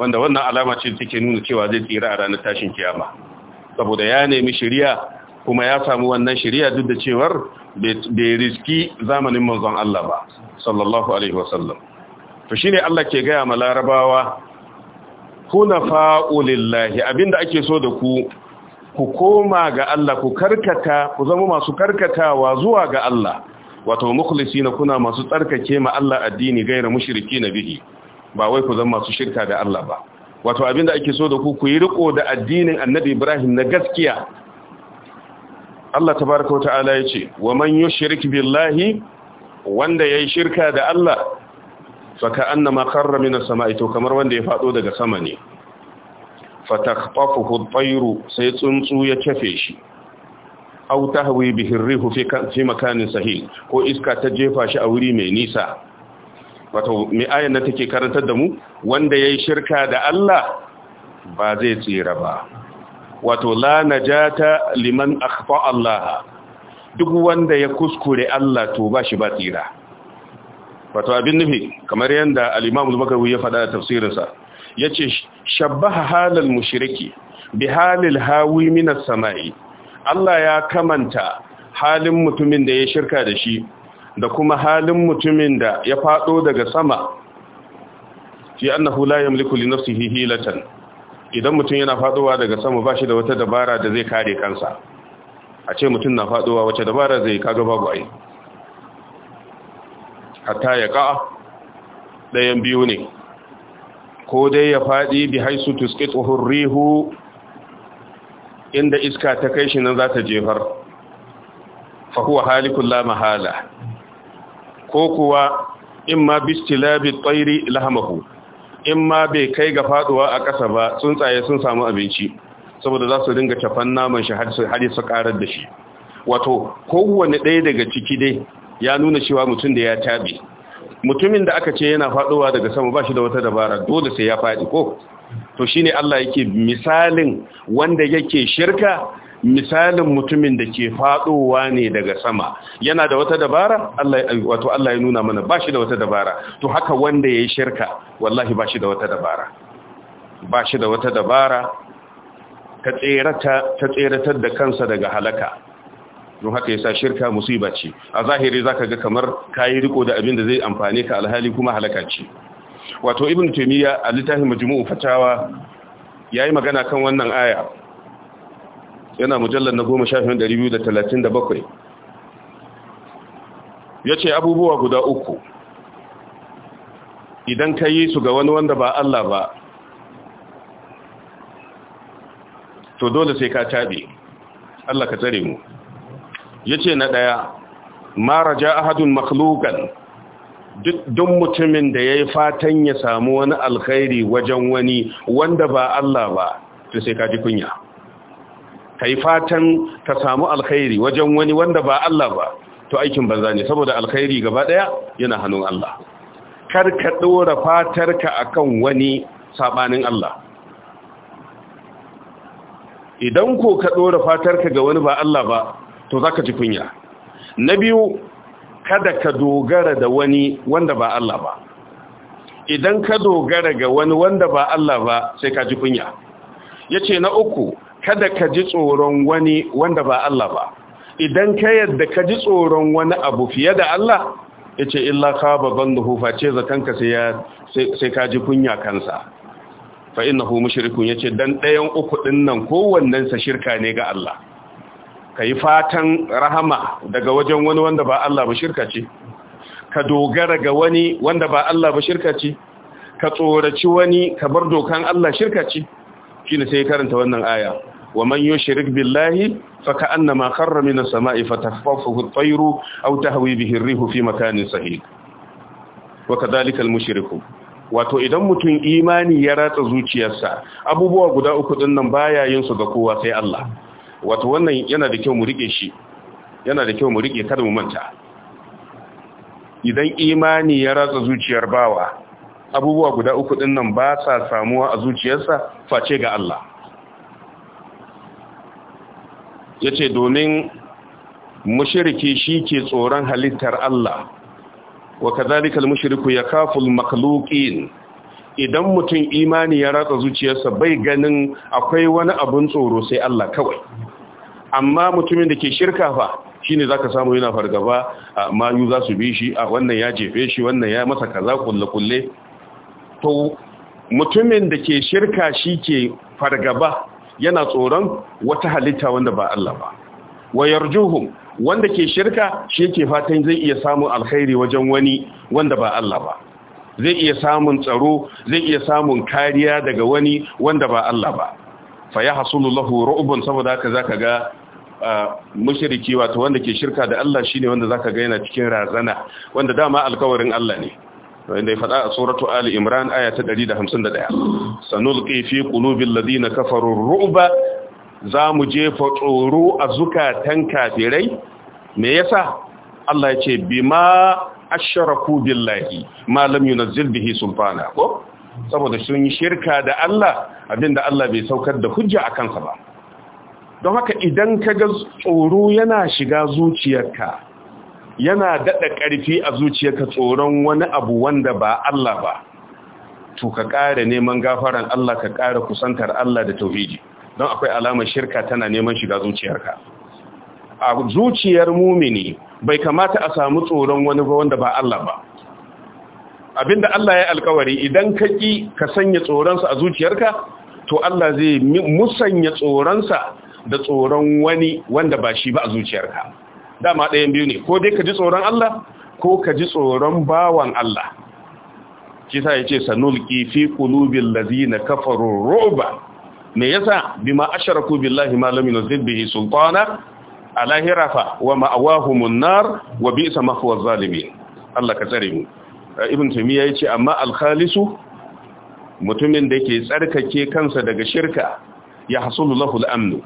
wanda wannan alama ce take nuna cewa zai tsira a ranar tashin kiyama saboda ya nemi shari'a kuma ya samu wannan shari'a duk da cewar bai riski zamanin manzon Allah ba sallallahu alaihi wasallam to shine Allah ke gaya ma larabawa kuna fa’ulillahi abinda ake so da ku ku koma ga Allah ku karkata ku zama masu karkatawa zuwa ga Allah wato na kuna masu tsarkake ma Allah addini gaira na bihi ba wai ku zama masu shirka da Allah ba wato abinda ake so da ku ku yi riko da addinin Annabi Ibrahim na gaskiya Allah tabaraka wa ta'ala yace wa man yushrik billahi wanda yayi shirka da Allah faka annama karra minas sama'i kamar wanda ya fado daga sama ne fatakfafuhu tsairu sai tsuntsu ya kafe shi au bihin bihi rihu fi makanin sahil ko iska ta jefa shi a wuri mai nisa wato mai ayan da take karantar da mu wanda yi shirka da Allah ba zai tsira ba wato la najata liman akhfa Allah duk wanda ya kuskure Allah to ba shi ba tsira wato abin nufi kamar yadda alimamu imam al ya faɗa a tafsirinsa ya ce, shabbaha halal mushiriki bi halil hawi min samai Allah ya kamanta halin mutumin da ya shirka da shi da kuma halin mutumin da ya fado daga sama fi annahu la yamliku li nafsihi hilatan idan mutum yana fadowa daga sama bashi da wata dabara da zai kare kansa a ce mutum na fadowa wace dabara zai kaga babu ai hatta ya ƙa'a ɗayan biyu ne ko dai ya faɗi bi haisu tuskit rihu inda iska ta kai shi nan za ta jefar fahuwa halikun lama hala. ko kuwa in ma bistilabi tsairi lahamahu in ma bai kai ga faɗuwa a ƙasa ba tsuntsaye sun samu abinci saboda za su dinga cafan naman shi har su ƙarar da shi wato kowane ɗaya daga ciki dai ya nuna cewa mutum da ya tabi mutumin da aka ce yana faɗowa daga sama ba shi da wata dabara dole sai ya faɗi ko to shine Allah yake misalin wanda yake shirka misalin mutumin da ke faɗowa ne daga sama yana da wata dabara wato Allah ya nuna mana ba shi da wata dabara to haka wanda ya yi shirka wallahi ba shi da wata dabara ba shi da wata dabara ta tseratar da kansa daga halaka don haka yasa shirka musiba ce a zahiri zaka ga kamar kayi riko da abin da zai amfane ka alhali kuma halaka ce wato ibn taymiya a littafin majmu'u fatawa yayi magana kan wannan aya yana mujallal na 10237 yace abubuwa guda uku idan kayi su ga wani wanda ba Allah ba to dole sai ka tabe Allah ka tsare mu Ya ce na ɗaya mara ja ahadun makhlukan duk mutumin da ya yi fatan ya samu wani alkhairi wajen wani wanda ba Allah ba to sai ka ji kunya yi fatan ka samu alkhairi wajen wani wanda ba Allah ba to aikin banza ne saboda alkhairi gaba ɗaya yana hannun Allah kar ka dora a akan wani saɓanin Allah idan ko ka ɗora fatarka ga wani ba Allah ba to za ka ji kunya na biyu kada ka dogara da wani wanda ba Allah ba idan ka dogara ga wani wanda ba Allah ba sai ka ji kunya ya ce na uku kada ka ji tsoron wani wanda ba Allah ba idan ka yadda ka ji tsoron wani abu fiye da Allah ya ce illa ka babban da hufa ce zatanka sai ka ji kunya kansa fa innahu mushrikun yace dan ɗayan uku ɗin nan kowannensa shirka ne ga Allah ka yi fatan rahama daga wajen wani wanda ba Allah ba shirka ce ka dogara ga wani wanda ba Allah ba shirka ce ka tsoraci wani ka bar dokan Allah shirka ce shine sai karanta wannan aya wa man yushrik billahi fa ka'annama kharra minas sama'i fatahfafuhu at-tayru aw tahwi bihi ar-rihu fi makanin sahih wa kadhalika al-mushriku wato idan mutum imani ya ratsa zuciyarsa abubuwa guda uku din nan baya yin su ga kowa sai Allah wato wannan yana da kyau mu rike shi yana da kyau mu rike kada mu manta idan imani ya ratsa zuciyar bawa abubuwa guda uku din nan ba sa samuwa a zuciyarsa face ga Allah yace domin mushriki shi ke tsoron halittar Allah wa kadhalika al-mushriku yakafu al-makhluqin idan mutum imani ya ratsa zuciyarsa bai ganin akwai wani abin tsoro sai Allah kawai amma mutumin da ke shirka fa shine zaka samu yana fargaba mayu za su bi shi a wannan ya jefe shi wannan ya masa kaza kulle kulle to mutumin da ke shirka shi ke fargaba yana tsoron wata halitta wanda ba Allah ba Wayar wanda ke shirka shi yake fatan zai iya samun alkhairi wajen wani wanda ba Allah ba zai iya samun tsaro zai iya samun kariya daga wani wanda ba Allah ba fa ya hasulu lahu ru'bun saboda haka zaka ga mushriki wato wanda ke shirka da Allah shine wanda zaka ga yana cikin razana wanda dama alƙawarin Allah ne wanda ya faɗa a suratu Ali Imran aya ta 151 sanulqi fi qulubil ladina kafaru ru'ba za mu jefa tsoro a zukatan kafirai me yasa Allah ya ce bima asharaku billahi ma lam yunzil bihi sulfana ko saboda sun yi shirka da Allah abinda Allah bai saukar da hujja a kansa ba don haka idan ka ga tsoro yana shiga zuciyarka yana daɗa karfi a zuciyarka tsoron wani abu wanda ba Allah ba to ka ƙara neman gafaran Allah ka ƙara kusantar Allah da tauhidi don akwai alamar shirka tana neman shiga zuciyarka a zuciyar mumini bai kamata a samu tsoron wani ba wanda ba Allah ba abinda Allah ya alkawari idan ka ki ka sanya tsoronsa a zuciyarka to Allah zai musanya tsoronsa da tsoron wani wanda ba shi ba a zuciyarka dama ɗayan biyu ne ko dai ka ji tsoron Allah ko ka ji tsoron bawan Allah shi sa ce sanulki fi qulubil ladina kafaru ru'ba me yasa bima asharaku billahi ma lam yunzil bihi sultana a lahira fa wa ma'awahumun nar wa bi'sa mathwaz zalimin Allah ka tsare mu ibn taymiya yace amma al-khalisu mutumin da ke tsarkake kansa daga shirka ya hasulu lahu al-amn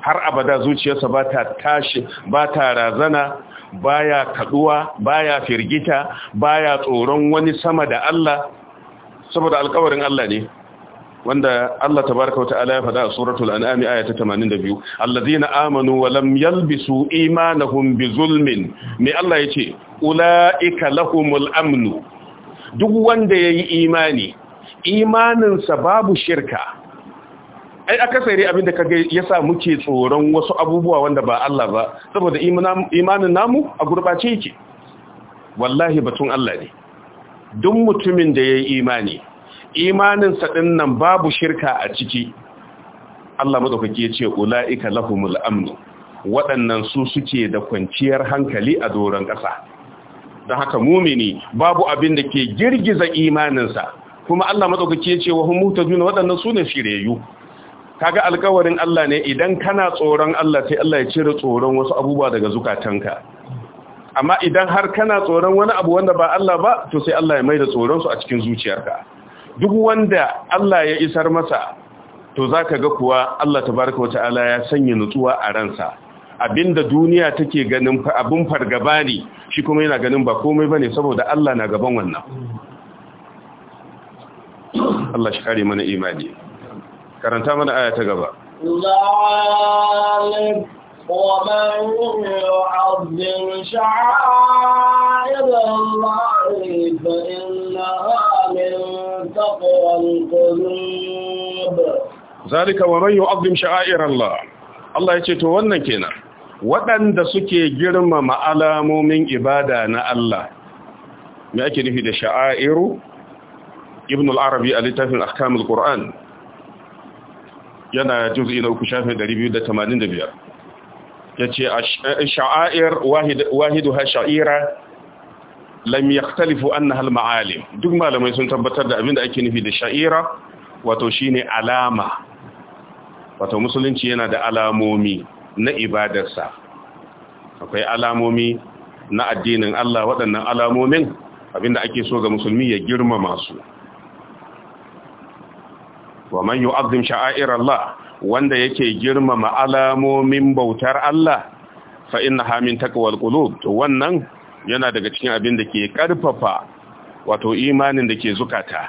har abada zuciyarsa ba ta tashi ba ta razana baya kaduwa baya firgita baya tsoron wani sama da Allah saboda alƙawarin Allah ne wanda Allah tabaraka wata'ala ya faɗa a suratul an'ami aya ta 82 allazina amanu wa lam yalbisu imanahum bi zulmin me Allah yace ulaika lahumul amnu duk wanda yayi imani imaninsa babu shirka ai akasari abinda kage yasa muke tsoron wasu abubuwa wanda ba Allah ba saboda imanin namu a gurbace yake wallahi batun Allah ne duk mutumin da yayi imani imaninsa ɗinnan nan babu shirka a ciki Allah maɗaukaki ke ce ula'ika lahumul amnu waɗannan su suke da kwanciyar hankali a doron ƙasa don haka mumini babu abin da ke girgiza imaninsa kuma Allah maɗaukaki ke ce wa juna waɗannan su ne shiryayyu kaga alkawarin Allah ne idan kana tsoron Allah sai Allah ya cire tsoron wasu abubuwa daga zukatanka amma idan har kana tsoron wani abu wanda ba Allah ba to sai Allah ya maida tsoron su a cikin zuciyarka duk wanda Allah ya isar masa to za ka ga kuwa Allah tabaraka wataala ya sanya nutsuwa a ransa abinda duniya take ganin abin fargaba ne shi kuma yana ganin ba komai bane saboda Allah na gaban wannan Allah shi kare mana imani karanta mana aya ta gaba ومن تقوى القلوب ذلك ومن يعظم شعائر الله الله يجي تو wannan kenan waɗanda suke girmama alamomin ibada na Allah me ake nufi da sha'airu ibn al-arabi a littafin ahkam al-qur'an yana juz'i na uku shafin 285 yace sha'air wahidu ha sha'ira lam yakhtalifu annaha al-ma'alim duk malamai sun tabbatar da abinda ake nufi da sha'ira wato shine alama wato musulunci yana da alamomi na ibadarsa akwai alamomi na addinin Allah waɗannan alamomin abinda ake so ga musulmi ya girmama su wa man yu'azzim sha'air Allah wanda yake girmama alamomin bautar Allah fa innaha min taqwal qulub to wannan yana daga cikin abin da ke ƙarfafa wato imanin da ke zukata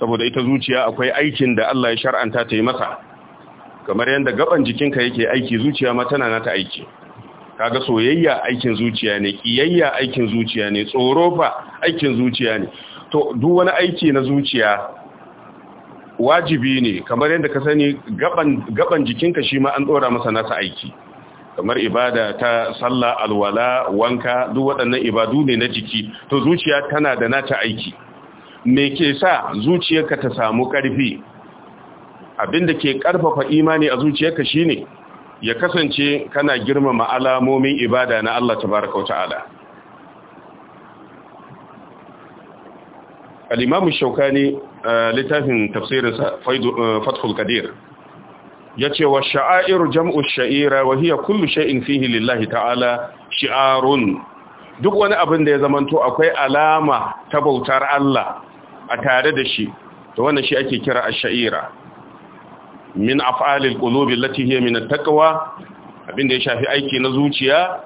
saboda ita zuciya akwai aikin da Allah ya shar'anta ta yi masa kamar yadda gaban jikinka yake aiki zuciya ma tana nata aiki kaga soyayya aikin zuciya ne kiyayya aikin zuciya ne tsoro fa aikin zuciya ne to duk wani aiki na zuciya wajibi ne kamar yadda ka sani gaban jikinka shi ma an tsora masa nasa aiki kamar ibada ta sallah alwala wanka duk waɗannan ibadu ne na jiki to zuciya tana da nata aiki me ke sa zuciyarka ta samu ƙarfi abinda ke ƙarfafa imani a zuciyarka shine ya kasance kana girmama alamomin ibada na Allah tabaraka ta'ala al-imamu shaukani eh, littafin tafsirinsa eh, fathul qadir Ya ce wa sha'airu jam'u sha'ira wa hiya kullu shay'in fihi lillahi ta'ala shi'arun duk wani abin da ya zamanto akwai alama ta bautar Allah a tare da shi to wannan shi ake kira a shaira min af'alil qulubi allati hiya min at-taqwa abin da ya shafi aiki na zuciya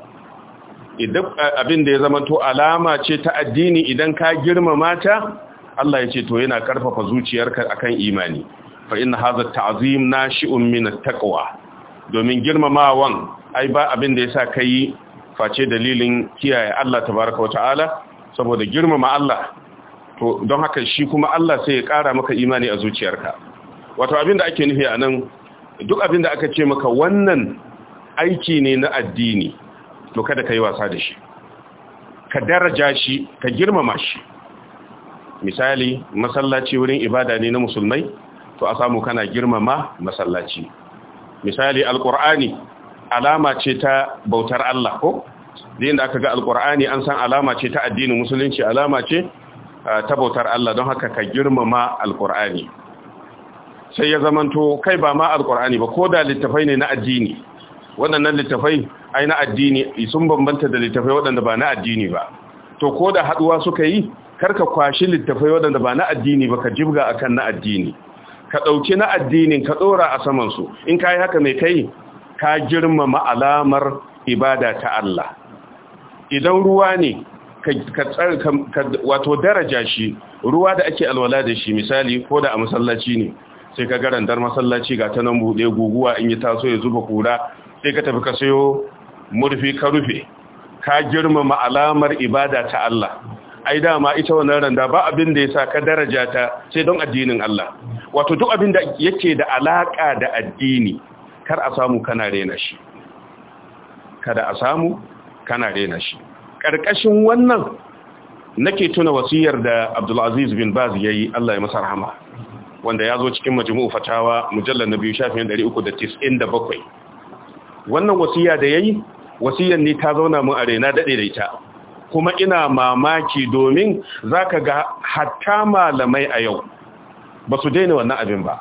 idan abin da ya zamanto alama ce ta addini idan ka girmama ta Allah ya ce to yana karfafa zuciyarka akan imani fa inna hadha ta'zim nashi'un min at-taqwa domin girmamawan ai ba abin da ya yasa kai face dalilin kiyaye Allah tabaaraka wata'ala saboda girmama Allah to don haka shi kuma Allah sai ya kara maka imani a zuciyarka wato abin da ake nufi anan duk abin da aka ce maka wannan aiki ne na addini to kada ka yi wasa da shi ka daraja shi ka girmama shi misali masallaci wurin ibada ne na musulmai to a samu kana girmama masallaci misali alqur'ani alama ce ta bautar Allah ko din da aka ga alqur'ani an san alama ce ta addinin musulunci alama ce ah, ta bautar Allah don haka ka girmama alqur'ani sai ya zamanto kai ba ma alqur'ani ba ko da littafai ne na addini waɗannan littafai ai na addini sun bambanta da littafai waɗanda ba na addini ba to ko da haɗuwa suka yi karka kwashi littafai waɗanda ba na addini ba ka jibga akan na addini ka ɗauki na addinin ka ɗora a samansu in ka yi haka mai kai ka girmama alamar ibada ta Allah idan ruwa ne wato daraja shi ruwa da ake alwala da shi misali ko da a masallaci ne sai ka garandar masallaci ga ta nan buɗe guguwa in yi taso ya zuba kura sai ka tafi ka sayo murfi ka rufe ka girmama alamar ibada ta Allah ai dama ita wannan randa ba abin da yasa ka daraja ta sai don addinin Allah wato duk abin da yake da alaka da addini kar a samu kana rena shi kada a samu kana rena shi karkashin wannan nake tuna wasiyar da Abdulaziz bin Baz yayi Allah ya masa rahama wanda ya zo cikin majmu'u fatawa mujallal na shafin 397 wannan wasiya da yayi wasiyar ne ta zauna mun a rena daɗe da ita kuma ina mamaki domin za ka ga hatta malamai a yau ba su daina wannan abin ba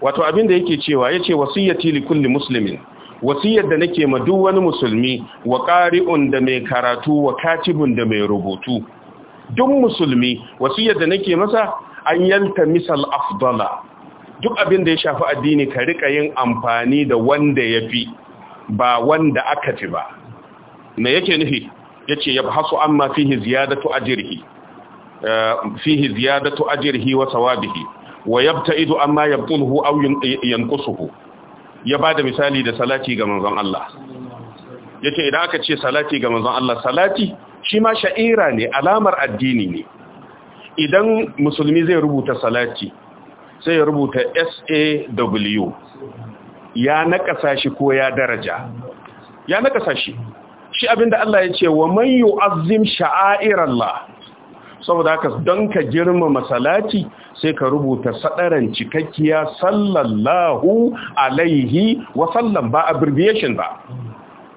wato abin da yake cewa ya ce wasiyyati li kulli muslimin wasiyar da nake ma duk wani musulmi wa qari'un da mai karatu wa katibun da mai rubutu duk musulmi wasiyar da nake masa an yalta misal afdala duk abin da ya shafi addini ka rika yin amfani da wanda yafi ba wanda aka ci ba me yake nufi yace yabhasu amma fihi ziyadatu ajrihi eh, fihi ziyadatu ajrihi wa sawabihi wa yabta'idu amma yabtuluhu aw yanqusuhu ya bada misali da salati ga manzon Allah yace idan aka ce salati ga manzon Allah salati shi ma sha'ira ne alamar addini ne idan musulmi zai rubuta salati sai ya rubuta SAW ya nakasa shi ko ya daraja ya nakasa shi shi abinda Allah ya ce wa man yu'azzim sha'airallah saboda haka don ka girmama salati sai ka rubuta sadaran cikakkiya sallallahu alaihi wa sallam ba abbreviation ba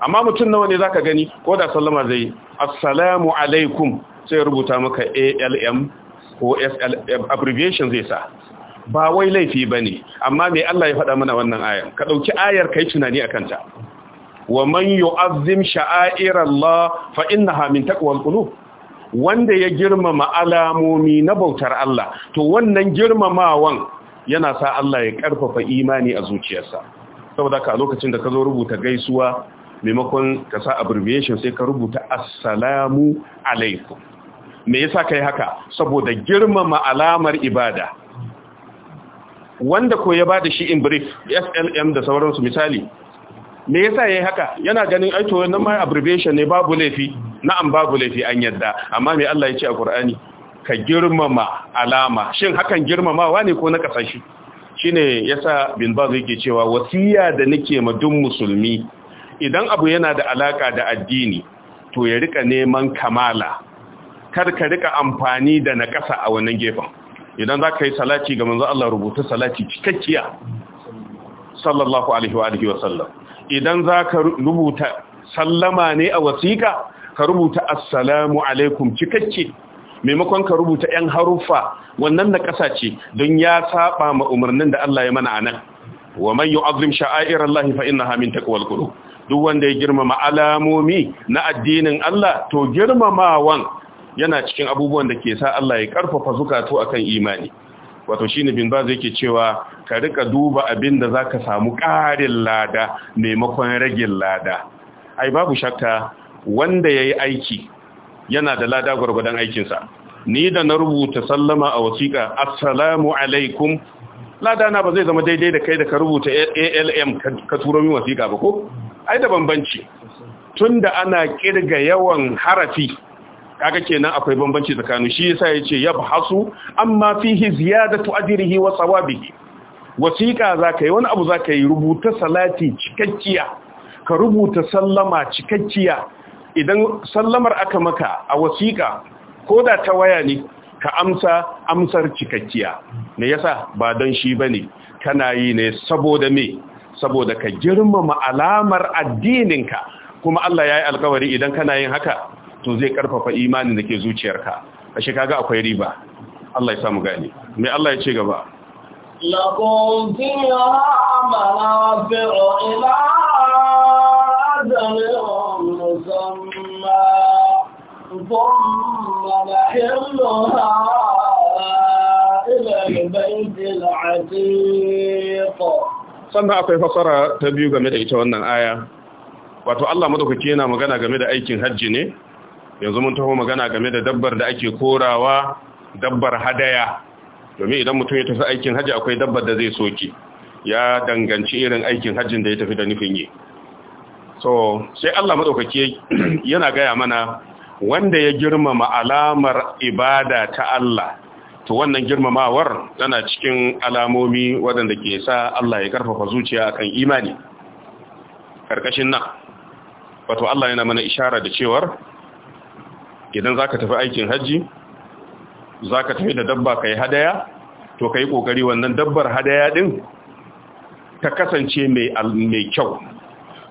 amma mutum nawa ne zaka gani ko da sallama zai assalamu alaikum sai rubuta maka ALM ko SLM abbreviation zai sa ba wai laifi bane amma me Allah ya faɗa mana wannan ayar ka dauki ayar kai tunani akan ta wa يعظم شعائر الله fa من تقوى القلوب wanda ya girmama alamomi na bautar Allah to wannan girmamawan yana sa Allah ya karfafa imani a zuciyarsa saboda ka lokacin da ka zo rubuta gaisuwa maimakon ka sa abbreviation sai ka rubuta assalamu alaikum me yasa kai haka saboda girmama alamar ibada wanda ko ya bada shi in brief SLM da sauransu misali me yasa yayi haka yana ganin aito. to wannan mai abbreviation ne babu laifi na'am babu laifi an yadda amma me Allah ya ce a Qur'ani ka girmama alama shin hakan girmamawa ne ko na kasashi shine yasa bin bazu yake cewa wasiya da nake ma duk musulmi idan abu yana da alaka da addini to ya rika neman kamala kar ka rika amfani da na kasa a wannan gefen idan za ka yi salati ga manzo Allah rubuta salati cikakkiya sallallahu alaihi wa alihi wa sallam idan za ka rubuta sallama ne a wasiƙa ka rubuta assalamu alaikum cikakke maimakon ka rubuta 'yan haruffa wannan na ƙasa ce don ya saba ma umarnin da Allah ya mana a nan wa man yu'azzim sha'air Allah fa innaha min taqwal qulub duk wanda ya girmama alamomi na addinin Allah to girmamawan yana cikin abubuwan da ke sa Allah ya karfafa zukatu kan imani wato shine bin zai yake cewa ka rika duba abin da za ka samu ƙarin lada maimakon ragin lada ai babu shakka wanda ya yi aiki yana da lada gwargwadon aikinsa ni da na rubuta sallama a wasiƙa assalamu alaikum lada na ba zai zama daidai da kai da ka rubuta alm ka turo wasiƙa ba ko ai da bambanci tunda ana ƙirga yawan harafi kaga kenan akwai bambanci tsakanin shi yasa yace yabhasu amma fihi ziyadatu ajrihi wa sawabihi wasiqa zaka yi wani abu zakai yi rubuta salati cikakkiya ka rubuta sallama cikakkiya idan sallamar aka maka a wasiqa da ta waya ne ka amsa amsar cikakkiya me yasa ba dan shi bane kana yi ne saboda me saboda ka girmama alamar addinin ka kuma Allah ya yi alkawari idan kana yin haka to zai karfafa imanin da ke zuciyarka A shekaga akwai riba Allah ya samu gane me Allah ya ce gaba sannan akwai fasara ta biyu game da ita wannan aya wato Allah madaukake yana magana game da aikin hajji ne yanzu mun taho magana game da dabbar da ake korawa dabbar hadaya domin idan mutum ya tafi aikin haji akwai dabbar da zai soke ya danganci irin aikin hajjin da ya tafi da nufin yi so sai Allah madaukake *clears throat* yana gaya mana wanda ya girmama alamar ibada ta Allah to wannan girmamawar tana cikin alamomi waɗanda ke sa Allah ya karfafa zuciya akan imani karkashin nan wato Allah yana mana ishara da cewar idan zaka tafi aikin haji zaka tafi da dabba kai hadaya to kai kokari wannan dabbar hadaya din ta kasance mai kyau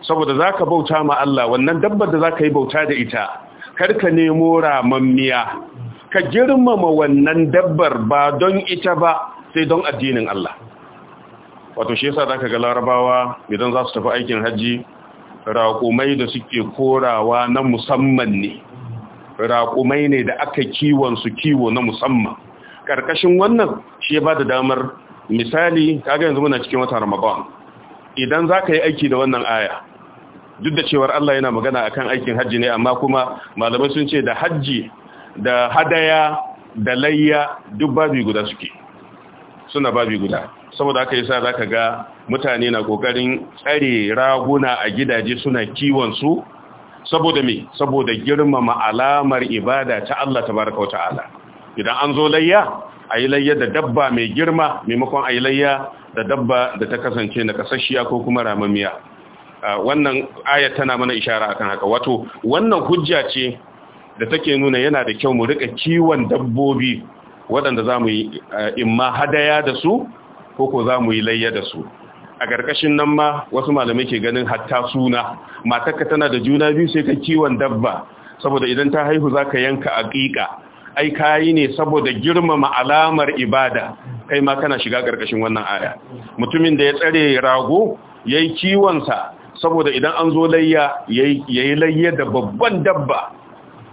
saboda zaka bauta ma Allah wannan dabbar da ka yi bauta da ita kar ka nemo ramammiya ka girmama wannan dabbar ba don ita ba sai don addinin Allah wato shi yasa zaka ga larabawa idan za su tafi aikin haji raƙumai da suke korawa na musamman ne raƙumai ne da aka kiwon su kiwo na musamman ƙarƙashin wannan shi ya ba da damar misali kaga yanzu muna cikin wata ramadan idan za ka yi aiki da wannan aya duk da cewar Allah yana magana akan aikin hajji ne amma kuma malamai sun ce da hajji da hadaya da layya duk babi guda suke suna babi guda saboda aka yi sa za ka ga mutane na ƙoƙarin tsare raguna a gidaje suna kiwon su saboda me saboda girmama alamar ibada ta Allah tabaraka ta'ala idan an zo layya ayi layya da dabba mai girma maimakon ayi layya da dabba da ta kasance na kasashiya ko kuma ramamiya wannan ayat tana mana ishara akan haka wato wannan hujja ce da take nuna yana da kyau mu rika kiwon dabbobi waɗanda za mu yi imma hadaya da su ko ko za mu yi layya da su a ƙarƙashin nan ma wasu malamai ke ganin hatta suna matarka tana da juna biyu sai ka kiwon dabba saboda idan ta haihu za ka yanka aƙiƙa ai kayi ne saboda girmama alamar ibada kai ma kana shiga ƙarƙashin wannan aya mutumin da ya tsare rago ya yi kiwonsa saboda idan an zo layya ya yi layya da babban dabba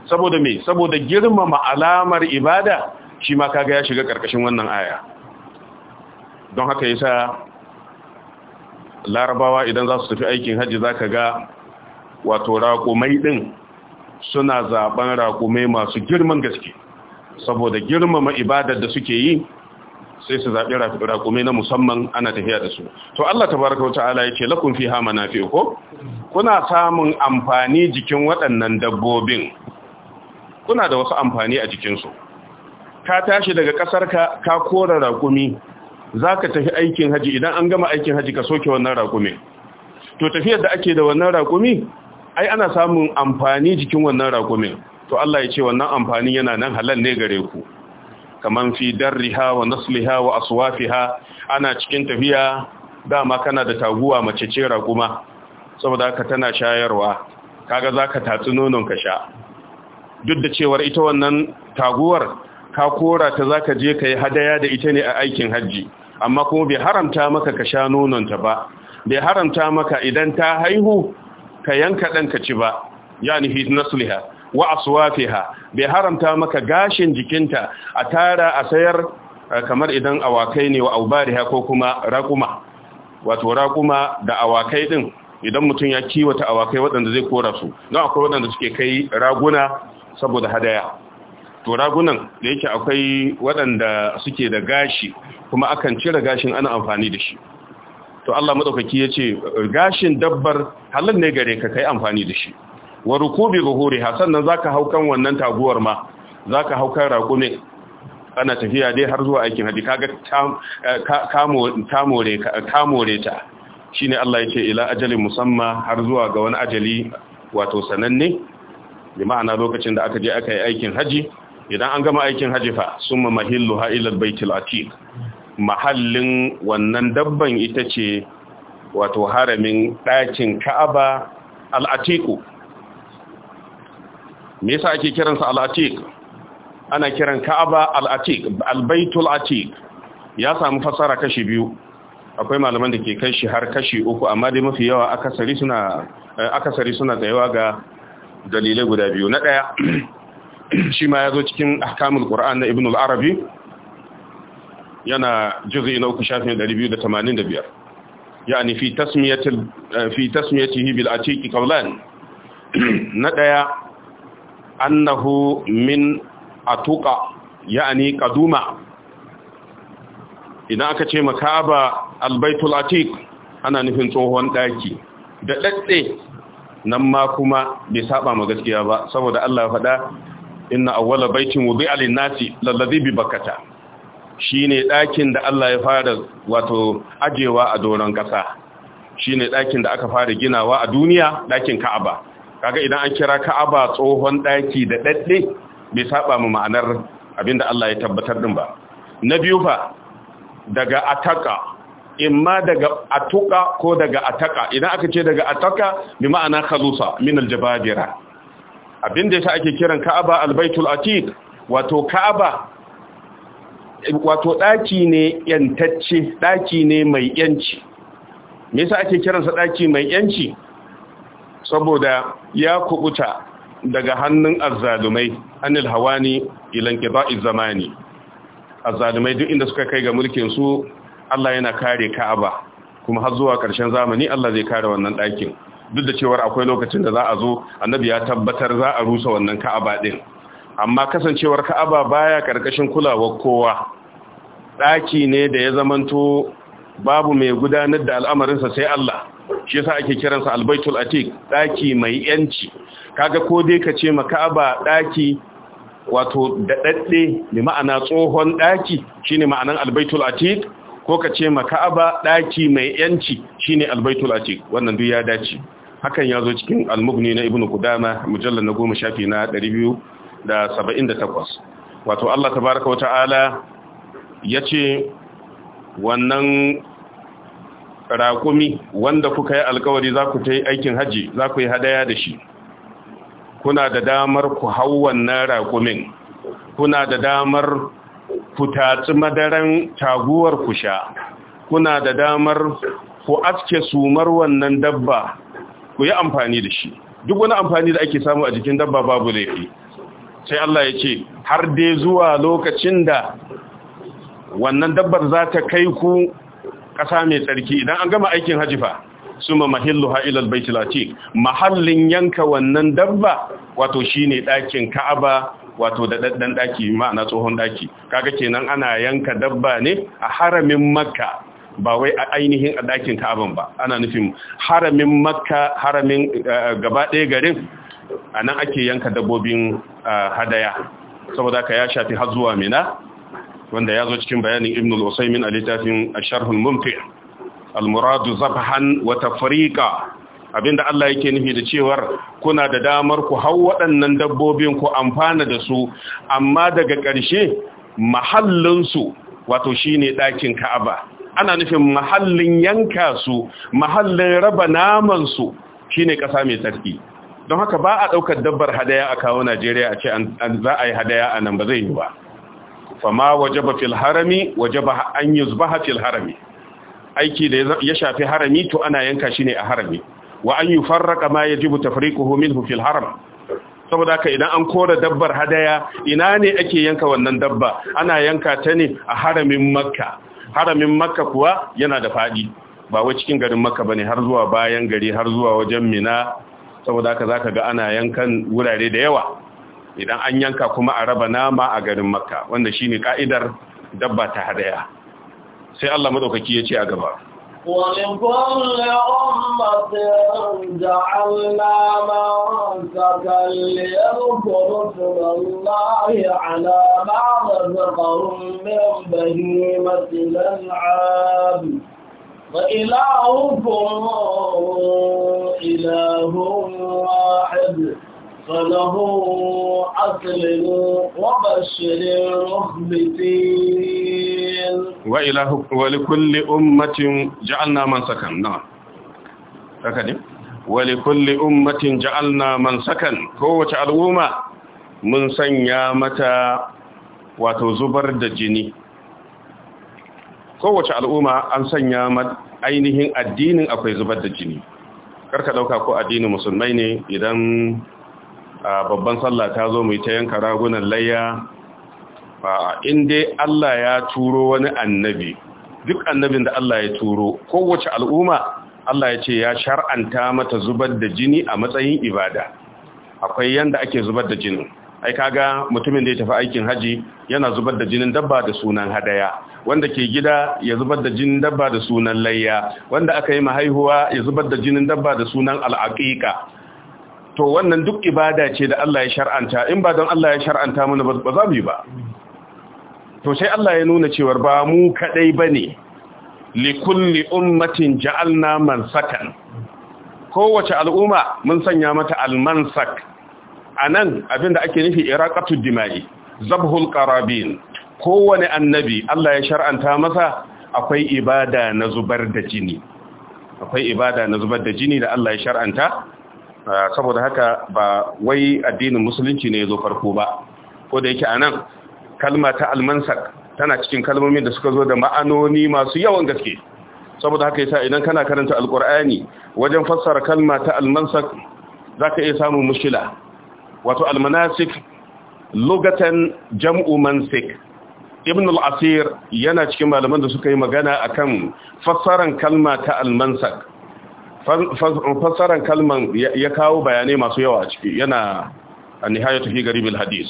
saboda me saboda girmama alamar ibada shi ma kaga ya shiga ƙarƙashin wannan aya don haka yasa larabawa idan za su tafi aikin hajji za ka ga wato raƙumai din? suna zaɓen raƙumai masu girman gaske saboda girmama ibadar da suke yi sai su zaɓi raƙumai na musamman ana tafiya da su to Allah ta baraka ta'ala ala yake lakun fi hama na fi ko kuna samun amfani jikin waɗannan dabbobin kuna da wasu amfani a jikinsu ka tashi daga ƙasarka ka kora raƙumi za ka tafi aikin haji idan an gama aikin haji ka soke wannan raƙumi to tafiyar da ake da wannan raƙumi ai ana samun amfani jikin wannan raƙumi. to Allah ya ce wannan amfani yana nan halal ne gare ku kaman fi darriha wa nasliha wa aswafiha ana cikin tafiya dama kana da taguwa mace ce raƙuma saboda haka tana shayarwa kaga zaka tatsi nonon ka sha duk da cewar ita wannan taguwar ka kora ta zaka je kai hadaya da ita ne a aikin hajji amma kuma bai haramta maka ka sha nononta ba bai haramta maka idan ta haihu ka yanka ɗan ka ci ba yani fi nasliha wa aswafiha bai haramta maka gashin jikinta a tara a sayar eh, kamar idan awakai ne wa aubariha ko kuma raƙuma wato raƙuma da awakai din idan mutum ya kiwata awakai waɗanda zai kora su don akwai waɗanda suke kai raguna saboda hadaya to ragunan da yake akwai waɗanda suke da gashi kuma akan cire gashin ana amfani da shi to Allah madaukaki yace gashin dabbar halin ne gare ka kai amfani da shi wa rukubi ha hasannan zaka haukan wannan taguwar ma zaka haukan raƙume ana tafiya dai har zuwa aikin haji kaga kamore kamore ta shine Allah yace ila ajalin musamma har zuwa ga wani ajali wato sananne bi ma'ana lokacin da aka je aka yi aikin haji idan an gama aikin hajji fa summa mahilluha ila baitul atiq mahallin wannan dabban ita ce wato haramin ɗakin Ka'aba al-Atiq me yasa ake kiransa al-Atiq ana kiran Ka'aba al-Atiq al-Baitul ya samu fasara kashi biyu akwai malaman da ke kai shi har kashi uku amma dai mafi yawa akasari suna eh, tsayawa ga dalilai guda biyu na ɗaya *clears throat* shi ma ya zo cikin ahkamul ƙurani na ibn al yana juz'i na uku shafin 285 yani fi tasmiyati eh, fi tasmiyatihi bil atiq *clears throat* na ɗaya annahu min atuqa yani ƙaduma. idan aka ce makaba albaitul atik ana nufin tsohon ɗaki da dadde nan ma kuma bai saba ma gaskiya ba saboda Allah faɗa inna awwala baitin wubi'a lin-nasi lallazi bi bakkata shine ɗakin da Allah ya fara wato ajewa a doron ƙasa shine ɗakin da aka fara ginawa a duniya ɗakin Ka'aba kaga idan an kira Ka'aba tsohon ɗaki da dadde bai saba mu ma'anar abinda Allah ya tabbatar din ba na biyu fa daga ataka imma daga atuka ko daga ataka idan aka ce daga ataka bi ma'ana khalusa min aljababira abin da yasa ake kiran Ka'aba al-Baitul Atiq wato Ka'aba wato daki ne yantacce daki ne mai yanci me yasa ake kiransa daki mai yanci saboda ya kubuta daga hannun azzalumai anil hawani ilan qida'i zamani azzalumai duk inda suka kai ga mulkin su Allah yana kare Ka'aba kuma har zuwa ƙarshen zamani Allah zai kare wannan ɗakin duk da cewar akwai lokacin da za a zo annabi ya tabbatar za a rusa wannan ka'aba din amma kasancewar ka'aba baya karkashin kulawar kowa Ɗaki ne da ya zamanto babu mai gudanar da al'amarinsa sai Allah shi yasa ake kiransa baitul atiq daki mai yanci kaga ko dai ka ce ka'aba daki wato daɗaɗɗe mai ma'ana tsohon ɗaki shine ma'anan al-baitul atiq ko ka ce ka'aba ɗaki mai yanci shine al-baitul atiq wannan duk ya dace hakan ya zo cikin almugni na Ibnu kudama mujallar na goma shafi na 278 wato Allah tabaraka wata'ala ya ce wannan raƙumi wanda kuka yi alkawari za ku ta yi aikin hajji za ku yi hadaya da shi kuna da damar ku hau wannan rakumin kuna da damar ku tatsi madaran taguwar ku sha kuna da damar ku aske sumar wannan dabba ku yi amfani da shi duk wani amfani da ake samu a jikin dabba babu laifi sai Allah ya ce har dai zuwa lokacin da wannan dabbar za ta kai ku ƙasa mai tsarki idan an gama aikin hajifa suma mahillu ha'ilal bai tilati mahallin yanka wannan dabba wato shine ɗakin ka'aba wato da ɗaki ma'ana tsohon ɗaki. kaga kenan ana yanka dabba ne a haramin makka ba wai a ainihin a ɗakin ka'aban ba ana nufin haramin makka haramin eh, gaba ɗaya garin a nan ake yanka dabbobin eh, hadaya saboda ka ya shafi har zuwa mina wanda ya zo cikin bayanin ibn al-usaymin a littafin sharhul mumti al-muradu zabhan wa tafriqa abinda Allah yake nufi da cewar kuna da damar ku hau waɗannan dabbobin ku amfana da su amma daga ƙarshe mahallinsu wato shine ɗakin Ka'aba ana nufin mahallin yanka su mahallin raba naman su shine ƙasa mai tsarki don haka ba a ɗaukar dabbar hadaya a kawo Najeriya a ce za a yi hadaya a nan ba zai yi ba fama wajaba fil harami wajaba an yuzbaha fil harami aiki da ya shafi harami to ana yanka shi ne a harami wa an yufarraqa ma yajibu tafriquhu minhu fil haram saboda haka idan an kora dabbar hadaya ina ne ake yanka wannan dabba ana yanka ta ne a haramin makka haramin makka kuwa yana da faɗi ba wai cikin garin makka bane har zuwa bayan gari har zuwa wajen mina saboda haka zaka ga ana yankan wurare da yawa idan an yanka kuma a raba nama a garin makka wanda shine ka'idar dabba ta hadaya sai Allah maɗaukaki ya ce a gaba ولكل أمة جعلنا منسكا ليذكروا اسم الله على ما رزقهم من بهيمة الأنعام وإلهكم إله واحد فله عقل وبشر المخبتين وإله ولكل أمة جعلنا من سكن نعم هكذا ولكل أمة جعلنا من سكن قوة الأمة من سنيامة وتزبر الجني kowace al'umma an sanya ainihin addinin akwai zubar da jini karka dauka ko addinin musulmai ne idan a babban sallah ta zo mu yi ta yanka ragunan layya in dai Allah ya turo wani annabi duk annabin da Allah ya turo kowace al'umma Allah ya ce ya shar'anta mata zubar da jini a matsayin ibada akwai yanda ake zubar da jini ai kaga mutumin da ya tafi aikin haji yana zubar da jinin dabba da sunan hadaya wanda ke gida ya zubar da jinin dabba da sunan layya wanda aka yi mahaihuwa ya zubar da jinin dabba da sunan al'aqiqa to wannan duk ibada ce da Allah ya shar'anta in ba don Allah ya shar'anta mana ba za mu yi ba to sai Allah ya nuna cewar ba mu kadai bane li kulli ummatin ja'alna mansakan kowace al'umma mun sanya mata almansak anan abinda ake nufi iraqatu dima'i zabhul qarabin kowane annabi Allah ya shar'anta masa akwai ibada na zubar da jini akwai ibada na zubar da jini da Allah ya shar'anta saboda haka ba wai addinin musulunci ne ya zo farko ba ko da yake a nan kalma ta almansak tana cikin kalmomin da suka zo da ma'anoni masu yawan gaske saboda haka yasa idan kana karanta alkur'ani wajen fassara kalma ta almansak zaka iya samun mushila. wato almanasik lugatan jam'u mansik ibn al-asir yana cikin malaman da suka yi magana akan fassaran kalma ta almansak fassaran kalman ya kawo bayanai masu yawa a ciki yana a nihayatu fi garibil hadis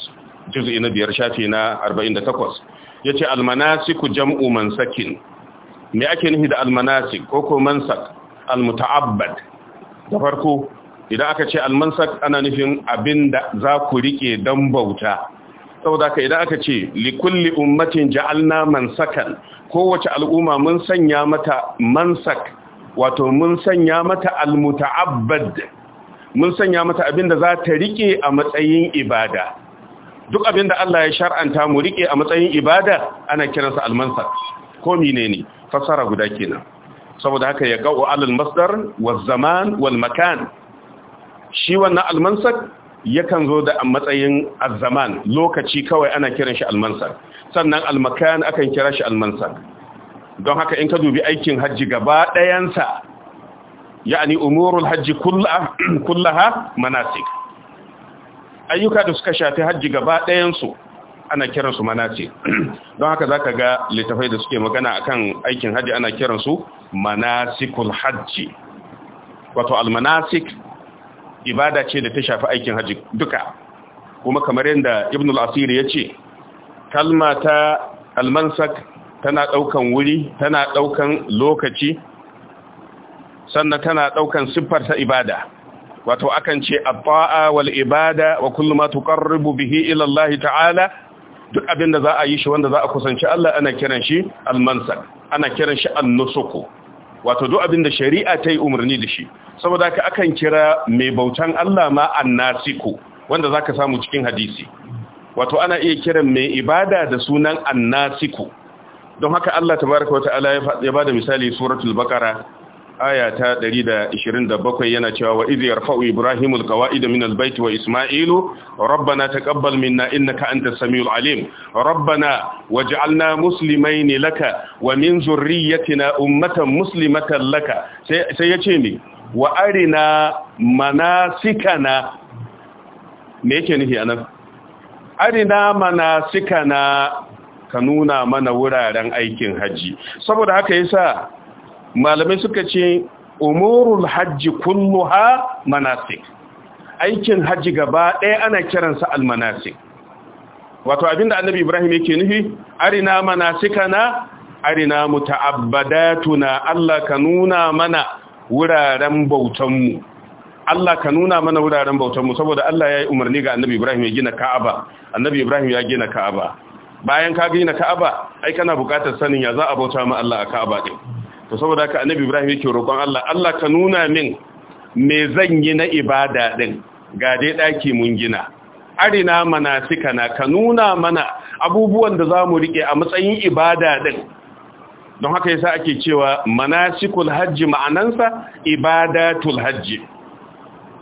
juz'i na biyar shafi na 48 yace almanasiku jam'u mansakin me ake nihi da almanasik ko ko mansak almuta'abbad da farko idan aka ce almansak ana nufin abin da za ku rike dan bauta saboda ka idan aka ce likulli ummatin ja'alna mansakan kowace al'umma mun sanya mata mansak wato mun sanya mata almuta'abbad mun sanya mata abinda za ta rike a matsayin ibada duk abinda Allah ya shar'anta mu rike a matsayin ibada ana kiransa almansa ko menene fasara guda kenan saboda haka ya ga'u alal masdar waz zaman wal makan shi wannan almansak yakan zo da matsayin zaman lokaci kawai ana kiran shi almansa sannan almakan akan kira shi almansak don haka in ka dubi aikin hajji gaba ɗayansa ya'ani umurul hajji *clears throat* kullaha manasik ayyuka da suka shafi hajji gaba ɗayansu ana kiransu manasik *clears throat* don haka za ka ga littafai da suke magana a kan aikin hajji ana kiransu manasikul hajji wato almanasik ibada ce da ta shafi aikin hajji duka kuma kamar yadda ibn al-asiri ya ce kalma ta almansak tana ɗaukan wuri tana ɗaukan lokaci sannan tana ɗaukan siffar ta ibada wato akan ce at-ta'a wal ibada wa kullu ma tuqarribu bihi ila Allah ta'ala duk abinda za a yi shi wanda za a kusanci Allah ana kiran shi al-mansab ana kiran shi an-nusuku wato duk abinda shari'a ta yi umarni da shi saboda haka akan kira mai bautan Allah ma annasiku wanda zaka samu cikin hadisi wato ana iya kiran mai ibada da sunan annasiku don haka Allah tabaraka wa ta'ala ya bada misali suratul baqara aya ta 127 yana cewa wa idh yarfa'u ibrahimul qawa'id min albayt wa isma'ilu rabbana taqabbal minna innaka antas samiul alim rabbana waj'alna muslimaini laka wa min zurriyyatina ummatan muslimatan laka sai yace ni wa arina manasikana me yake nufi anan arina manasikana ka nuna mana wuraren aikin hajji saboda haka yasa malamai suka ce umurul hajji kulluha manasik aikin hajji gaba ɗaya ana kiransa almanasik wato abinda annabi ibrahim yake nufi arina manasikana arina muta'abbadatuna Allah ka nuna mana wuraren bautanmu Allah ka nuna mana wuraren bautanmu saboda Allah ya yi umarni ga annabi ibrahim ya gina ka'aba annabi ibrahim ya gina ka'aba bayan ka gina ka'aba ai kana bukatar sanin ya za a bauta ma Allah a ka'aba din to saboda haka annabi Ibrahim yake roƙon Allah Allah ka nuna min me zan yi na ibada din ga dai daki mun gina arina manasika na ka nuna mana abubuwan da zamu rike a matsayin ibada din don haka yasa ake cewa manasikul hajji ma'anansa ibadatul hajji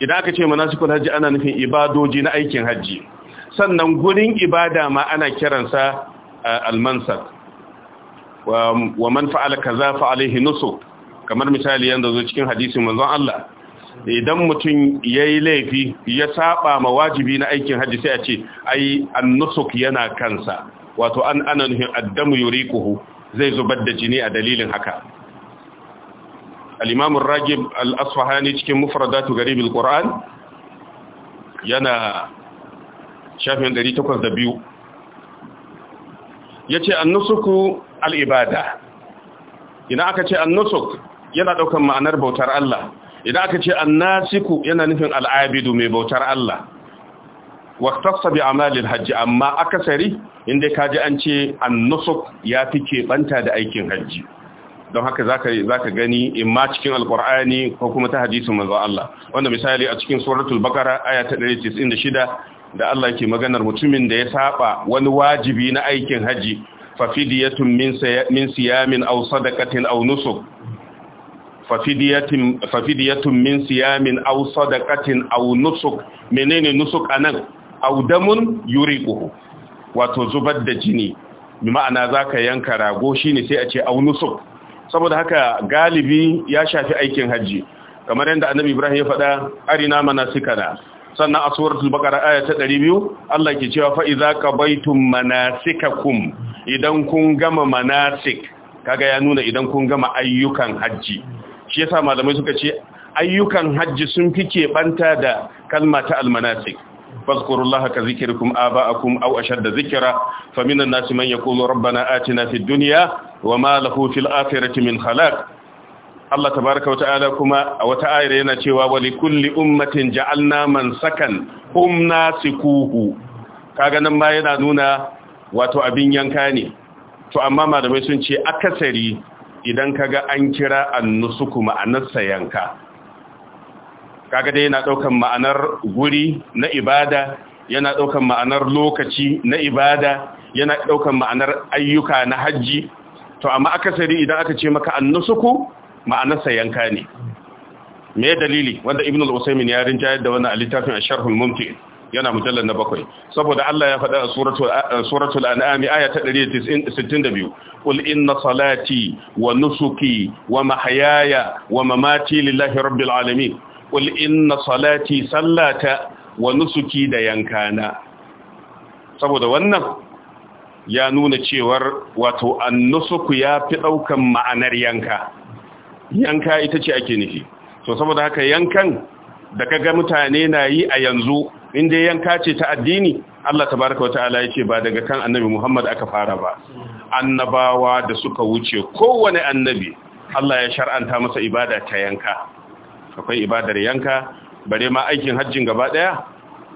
idan aka ce manasikul hajji ana nufin ibadoji na aikin hajji sannan gurin ibada ma ana kiransa eh, almansar wa man fa'ala kaza fa alaihi nusuk kamar misali yanda zo cikin hadisi manzon Allah idan mutum yayi laifi ya saba ma wajibi na aikin haji sai a ce ai an yana kansa wato an ananuhin addamu yuriquhu zai zubar da jini a dalilin haka al-imam ar-ragib al-asfahani cikin mufradatu garib al-quran yana shafin 802 ya ce annusuku al'ibada Ina aka ce annusuk yana ɗaukar ma'anar bautar Allah Ina aka ce annasiku yana nufin al'abidu mai bautar Allah waktasa bi amalin hajji amma akasari inda ka ji an ce annusuk ya fi keɓanta da aikin hajji don haka za ka gani in ma cikin alkur'ani ko kuma ta hadisin manzo Allah wanda misali a cikin suratul bakara aya ta 196 da Allah ke maganar mutumin da ya saba wani wajibi na aikin haji fafidiyatun min siyamin aw sadaqatin aw nusuk fafidiyatun min siyamin aw sadaqatin aw nusuk menene nusuk anan aw damun yuriquhu wato zubar da jini bi ma'ana zaka yanka rago shine sai a ce aw nusuk saboda haka galibi ya shafi aikin haji kamar yadda annabi Ibrahim ya faɗa arina manasikana sannan a suratul baqara aya ta 200 Allah ke cewa fa idza qabaitum manasikakum idan kun gama manasik kaga ya nuna idan kun gama ayyukan haji shi yasa malamai suka ce ayyukan haji sun fike banta da kalma ta almanasik فاذكروا الله كذكركم آباءكم أو أشد ذكرا فمن الناس من يقول ربنا آتنا في الدنيا وما له في الآخرة من خلاق Allah tabaraka wa ta'ala kuma a wata ayar yana cewa wa kulli ummatin ja'alna man sakan hum nasikuhu kaga nan ma yana nuna wato abin yanka ne to amma malamai sun ce akasari idan kaga an kira annusuku ma'anarsa yanka kaga dai yana daukan ma'anar guri na ibada yana daukan ma'anar lokaci na ibada yana ɗaukan ma'anar ayyuka na hajji. to amma akasari idan aka ce maka annusuku ma'anarsa yanka ne me dalili wanda ibn al-usaymin ya rinjayar yadda wannan a littafin asharhul mumkin yana mujallar na bakwai saboda Allah ya faɗa a suratul an'ami aya ta 162 qul inna salati wa nusuki wa mahayaya wa mamati lillahi rabbil alamin qul inna salati sallata wa nusuki da yankana saboda wannan ya nuna cewar wato annusuku ya fi daukan ma'anar yanka yanka ita ce ake nufi so saboda haka yankan da kaga mutane na yi a yanzu inda yanka ce ta addini Allah tabaraka Wata'ala ta'ala yake ba daga kan annabi Muhammad aka fara ba annabawa da suka wuce kowane annabi Allah ya shar'anta masa ibada ta yanka akwai ibadar yanka bare ma aikin hajjin gaba daya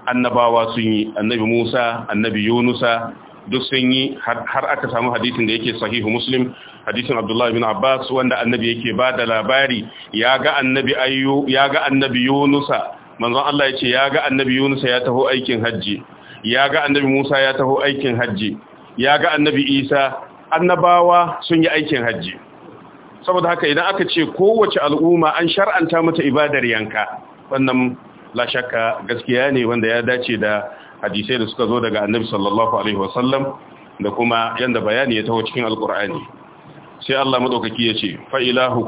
annabawa sun yi annabi Musa annabi Yunusa duk sun yi har aka samu hadisin da yake sahihu muslim hadisin abdullahi bin abbas wanda annabi yake ba da labari ya ga annabi ayyu ya ga yunusa manzon Allah ya ce ya ga annabi yunusa ya taho aikin hajji ya ga annabi musa ya taho aikin hajji ya ga annabi isa annabawa sun yi aikin hajji saboda haka idan aka ce kowace al'umma an shar'anta mata ibadar yanka wannan la shakka gaskiya ne wanda ya dace da hadisai da suka zo daga annabi sallallahu alaihi wasallam da kuma yanda bayani ya taho cikin alkur'ani sai Allah madaukaki ya ce fa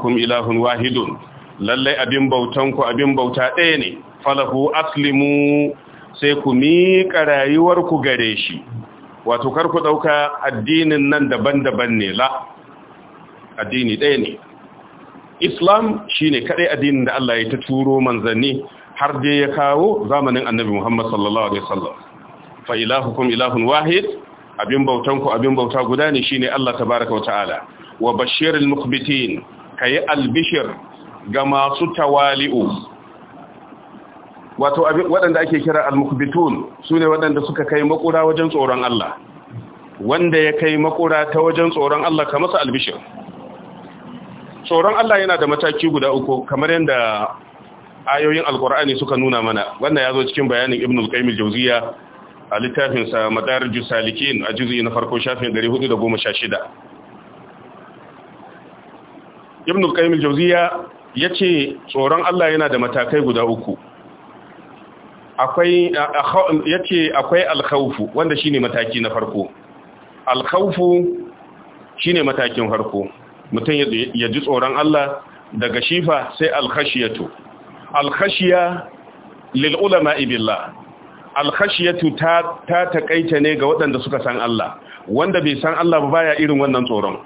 kum ilahun wahidun lallai abin bautan ku abin bauta ɗaya ne falahu aslimu sai ku miƙa rayuwar ku gare shi wato kar ku dauka addinin nan daban-daban ne la addini ɗaya ne islam shine kadai addinin da Allah ya ta turo manzanni har dai ya kawo zamanin annabi Muhammad sallallahu alaihi wasallam fa ilahukum ilahun wahid abin bautan ku abin bauta guda ne shine Allah tabaaraka ta'ala wa bashiril ka yi albishir ga masu tawali'u wato waɗanda ake kira al-mukhbitun sune waɗanda suka kai makura wajen tsoron Allah wanda ya kai makura ta wajen tsoron Allah ka masa albishir tsoron Allah yana da mataki guda uku kamar yadda ayoyin alkur'ani suka nuna mana wannan ya zo cikin bayanin ibn al-qayyim al-jawziya a littafin sa madarij salikin a juz'i na farko shafin 416 ibn al-qayyim al-jawziya yace tsoron Allah yana da matakai guda uku akwai yace akwai al khawf wanda shine mataki na farko al khawf shine matakin farko mutum ya ji tsoron Allah daga shifa sai al-khashiyatu alkhashiya lil ulama billah alkhashiyatu ta ta takaita ne ga waɗanda suka san Allah wanda bai san Allah ba baya irin wannan tsoron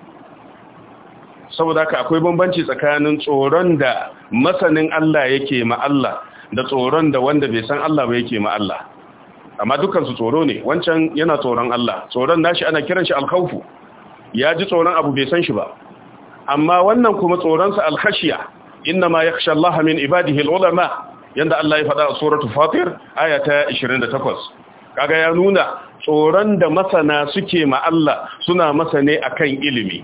saboda haka akwai bambanci tsakanin tsoron da masanin Allah yake ma Allah da tsoron da wanda bai san Allah ba yake ma Allah amma su tsoro ne wancan yana tsoron Allah tsoron nashi ana kiran shi alkhawfu ya ji tsoron abu bai san shi ba amma wannan kuma tsoron tsoronsa alkhashiya inna ma yakhsha Allah min ibadihi al-ulama Allah ya faɗa a suratul fatir ayata ta 28 kaga ya nuna tsoron da masana suke ma Allah suna masa ne akan ilimi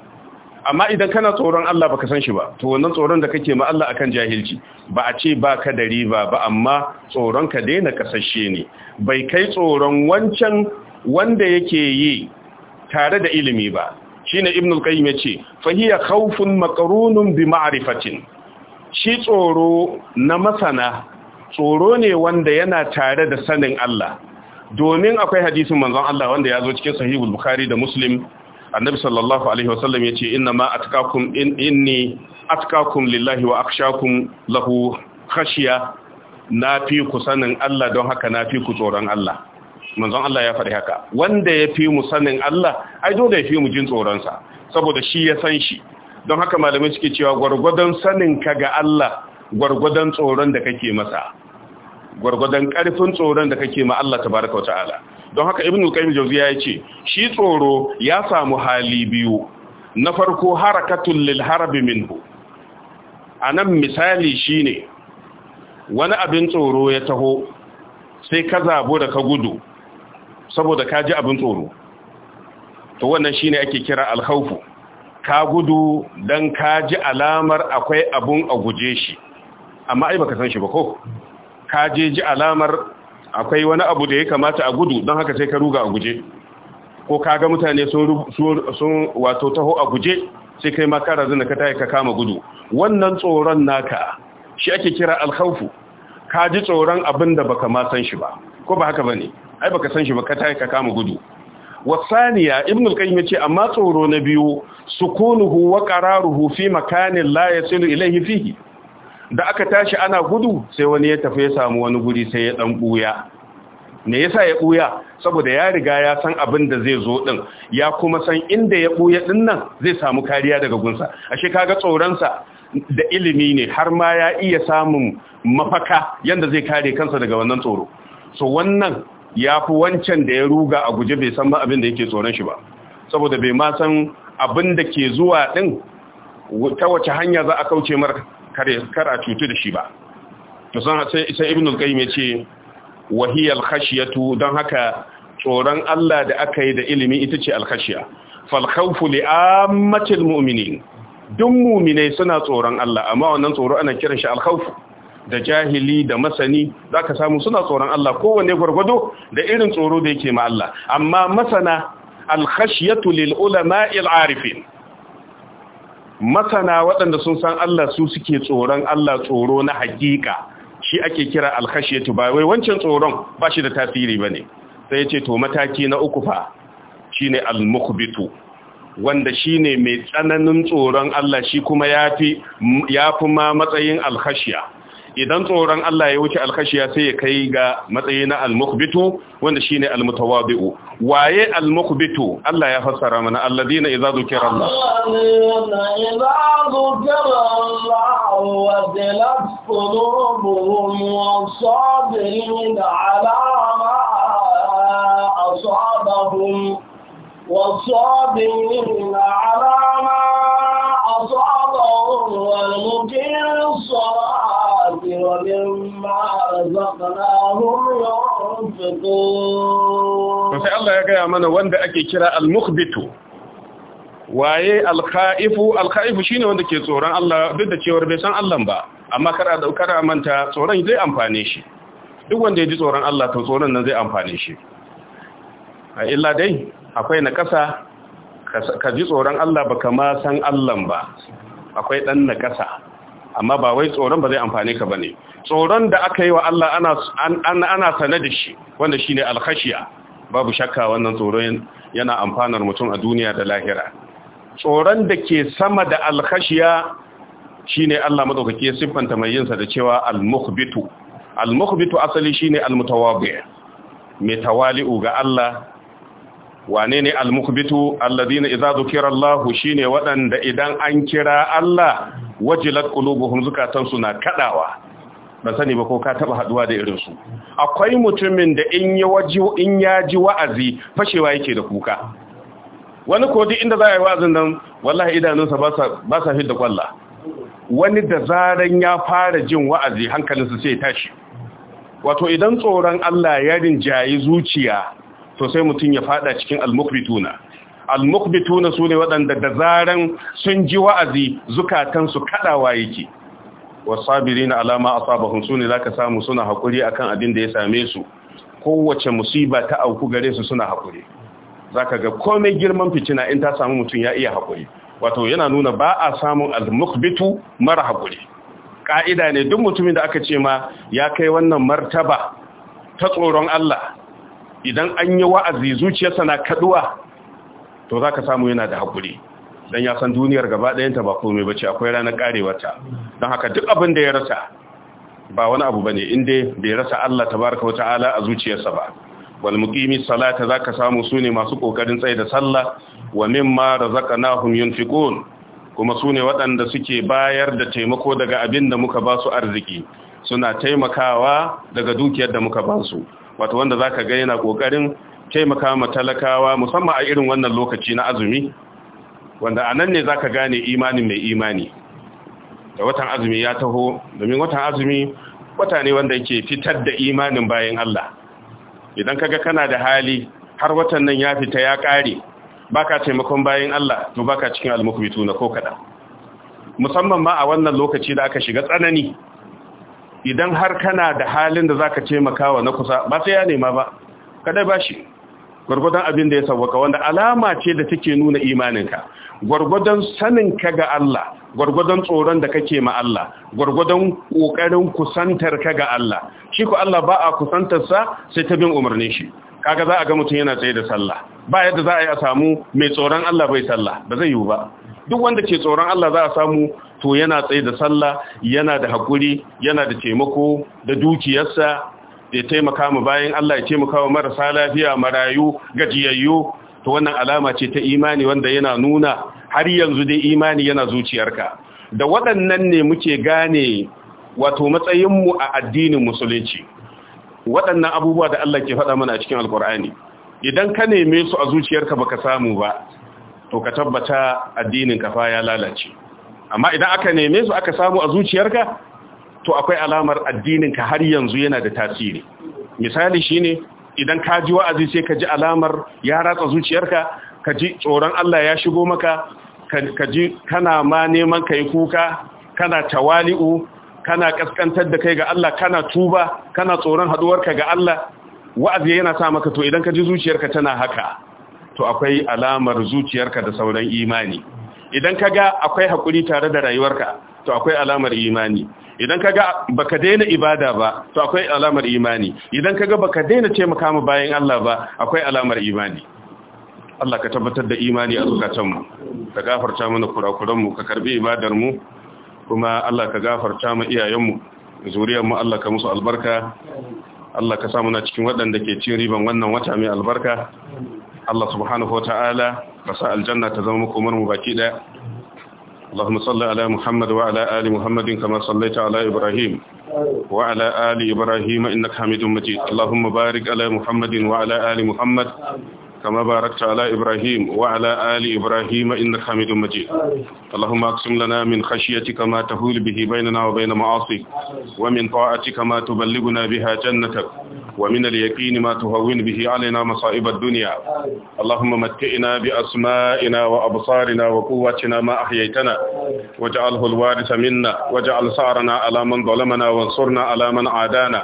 amma idan kana tsoron Allah baka san shi ba to wannan tsoron da kake ma Allah akan jahilci ba a ce ba da riba ba amma tsoron ka daina kasashe ne bai kai tsoron wancan wanda yake yi tare da ilimi ba shine ibnul qayyim yace ce, hiya khawfun maqrunun bi ma'rifatin shi tsoro na masana tsoro ne wanda yana tare da sanin Allah domin akwai hadisin manzon Allah wanda ya zo cikin sahihul bukhari da muslim annabi sallallahu alaihi wasallam yace inna ma atqakum in inni atqakum lillahi wa akhshakum lahu khashiya fi ku sanin Allah don haka na fi ku tsoron Allah manzon Allah ya faɗi haka wanda ya fi mu sanin Allah ai dole ya fi mu jin tsoron sa saboda shi ya san shi don haka malamai suke cewa gwargwadon ka ga Allah gwargwadon tsoron da kake masa gwargwadon karfin tsoron da kake ma Allah tabaraka wata'ala don haka ibnu qayyim jawziya yace shi tsoro ya samu hali biyu na farko harakatul lil harbi minhu anan misali shine wani abin tsoro ya taho sai ka zabo da ka gudu saboda ka ji abin tsoro to wannan shine ake kira al-khawfu ka gudu don ka ji alamar akwai abun a guje shi amma ai baka san shi ba ko ka je ji alamar akwai wani abu da ya kamata a gudu don haka sai ka ruga a guje ko ka ga mutane sun wato taho a guje sai kai ma kara zina ka tayi ka kama gudu wannan tsoron naka shi ake kira alkhawfu ka ji tsoron abin da baka ma san shi ba ko ba haka bane ai baka san shi ba ka tayi ka kama gudu wasaniya ibn al-qayyim ce amma tsoro na biyu sukunuhu wa qararuhu fi makanin la yasilu ilayhi fihi da aka tashi ana gudu sai wani ya tafi ya samu wani guri sai ya dan buya me yasa ya buya saboda ya riga ya san abin da zai zo din ya kuma san inda ya buya din nan zai samu kariya daga gunsa ashe kaga tsoronsa da ilimi ne har ma ya iya samun mafaka yanda zai kare kansa daga wannan tsoro so wannan ya fi wancan da ya ruga a guje bai san ba abin da yake tsoron shi ba saboda bai ma san abin da ke zuwa ɗin ta wace hanya za a kauce mar kara cutu da shi ba tusan sai ibn al-qayyim ya ce wahiyal khashiyatu don haka tsoron Allah da aka yi da ilimi ita ce al-khashiya fal khawfu li ammatil mu'minin duk mu'minai suna tsoron Allah amma wannan tsoro ana kiran shi al-khawf da jahili da masani zaka samu suna tsoron Allah kowanne gurgudu da irin tsoro da yake ma Allah amma masana alkhashiyatu lil ulama'i Arifin masana waɗanda sun san Allah su suke tsoron Allah tsoro na hakika shi ake kira alkhashiyatu ba wai wancan tsoron ba shi da tasiri bane sai yace to mataki na uku fa shine al-mukhbitu wanda shine mai tsananin tsoron Allah shi kuma yafi yafi ma matsayin alkhashiya idan tsoron Allah ya wuce alkashiya sai ya kai ga matsayi na almukbitu wanda shine almutawadi'u waye almukbitu Allah ya fassara mana alladina idza zukira Allah وصابرين على ما أصابهم والمقيم الصلاة ومما رزقناهم ينفقون فسي الله يقول أمانا واند أكي كرا المخبت waye alkhaifu alkhaifu shine wanda ke tsoron Allah duk da cewar bai san Allah ba amma kada daukar manta tsoron zai amfane shi duk wanda ya ji tsoron Allah to tsoron nan zai amfane shi illa dai akwai na kasa ka ji tsoron Allah ba kama san Allah ba akwai ɗan nakasa amma ba wai tsoron ba zai amfane ka bane tsoron da aka yi wa Allah ana ana sane da shi wanda shine alkhashiya babu shakka wannan tsoron yana amfanar mutum a duniya da lahira tsoron da ke sama da alkhashiya shine Allah madaukake siffanta mai yinsa da cewa al almuhbitu asali shine al mai tawali'u ga Allah wane ne al-mukhbitu idza dhukira Allah shine wadanda idan an kira Allah wajilat qulubuhum zukatan suna kadawa Ba sani ba ko ka taba haduwa da irin su akwai mutumin da in ya waji in ya ji wa'azi fashewa yake da kuka wani ko duk inda za a yi wa'azin nan wallahi idanunsa ba sa ba sa hidda kwalla wani da zaran ya fara jin wa'azi hankalinsa sai tashi wato idan tsoron Allah ya rinjayi zuciya to sai mutum ya fada cikin almukbituna almukbituna su ne waɗanda da zaran sun ji wa'azi zukatansu kaɗawa yake wasabiri na alama a su ne zaka samu suna haƙuri akan abin da ya same su kowace musiba ta auku gare su suna haƙuri za ka ga komai girman fitina in ta samu mutum ya iya haƙuri wato yana nuna ba a samun almukbitu mara haƙuri ƙa'ida ne duk mutumin da aka ce ma ya kai wannan martaba ta tsoron Allah idan an yi wa'azi zuciyarsa na kaduwa to za ka samu yana da haƙuri don ya san duniyar gaba ɗayanta ba komai ba ce akwai ranar ƙarewarta don haka duk abin da ya rasa ba wani abu ba ne inda bai rasa Allah ta baraka wata ala a zuciyarsa ba wal muqimi salata zaka samu sune masu kokarin tsaye da sallah wa mimma razaqnahum yunfiqun kuma sune waɗanda suke bayar da taimako daga abin da muka ba su arziki suna taimakawa daga dukiyar da muka ba su wato wanda zaka ga yana kokarin taimaka ma talakawa musamman a irin wannan lokaci na azumi wanda anan ne zaka gane imanin mai imani da watan azumi ya taho domin watan azumi wata ne wanda yake fitar da imanin bayan Allah idan ka ga kana da hali har watan nan ya fita ya kare baka taimakon bayan Allah to baka cikin almukbituna ko kada musamman ma a wannan lokaci da aka shiga tsanani idan har kana da halin da zaka ce makawa na kusa ba sai ya nema ba kada ba shi abin da ya sauwaka wanda alama ce da take nuna imaninka sanin ka ga Allah gwargwadon tsoron da kake ma Allah gwargwadon kokarin kusantar ka ga Allah shi ko Allah ba a kusantar sa sai ta bin umarnin shi kaga za a ga mutum yana tsaye da sallah ba yadda za a yi a samu mai tsoron Allah bai sallah ba zai yiwu ba duk wanda ke tsoron Allah za a samu to yana tsaye da sallah yana da hakuri yana da taimako da dukiyarsa ya taimaka mu bayan Allah ya taimaka wa marasa lafiya marayu gajiyayyu to wannan alama ce ta imani wanda yana nuna har yanzu dai imani yana zuciyarka da waɗannan ne muke gane wato matsayinmu a addinin musulunci waɗannan abubuwa da Allah ke faɗa mana a cikin Alƙur'ani, idan ka neme su a zuciyarka baka samu ba to ka tabbata addinin ka fa ya lalace amma idan aka neme su aka samu a zuciyarka to akwai alamar addinin ka har yanzu yana da tasiri misali shine idan ka ji wa'azi sai ka ji alamar ya ratsa zuciyarka ka ji tsoron Allah ya shigo maka ka ji kana ma neman ka kuka kana tawali'u kana kaskantar da kai ga Allah kana tuba kana tsoron haduwarka ga Allah wa'azi yana sa maka to idan ka ji zuciyarka tana haka to akwai alamar zuciyarka da sauran imani idan ka ga akwai hakuri tare da rayuwarka to akwai alamar imani idan ka ga baka daina ibada ba to akwai alamar imani idan ka ga baka daina taimaka mu bayan Allah ba akwai alamar imani Allah ka tabbatar da imani a zukatanmu ka gafarta mana kurakuranmu ka karbi ibadar mu kuma Allah ka gafarta mu iyayenmu zuriyarmu Allah ka musu albarka Allah ka sa muna cikin waɗanda ke cin riban wannan wata mai albarka Allah subhanahu wata'ala ka sa aljanna ta zama makomar mu baki daya اللهم صل على محمد وعلى آل محمد كما صليت على إبراهيم وعلى آل إبراهيم إنك حميد مجيد اللهم بارك على محمد وعلى آل محمد كما باركت على إبراهيم وعلى آل إبراهيم إنك حميد مجيد اللهم أقسم لنا من خشيتك ما تهول به بيننا وبين معاصيك ومن طاعتك ما تبلغنا بها جنتك ومن اليقين ما تهون به علينا مصائب الدنيا اللهم متئنا بأسمائنا وأبصارنا وقوتنا ما أحييتنا واجعله الوارث منا واجعل سعرنا على من ظلمنا وانصرنا على من عادانا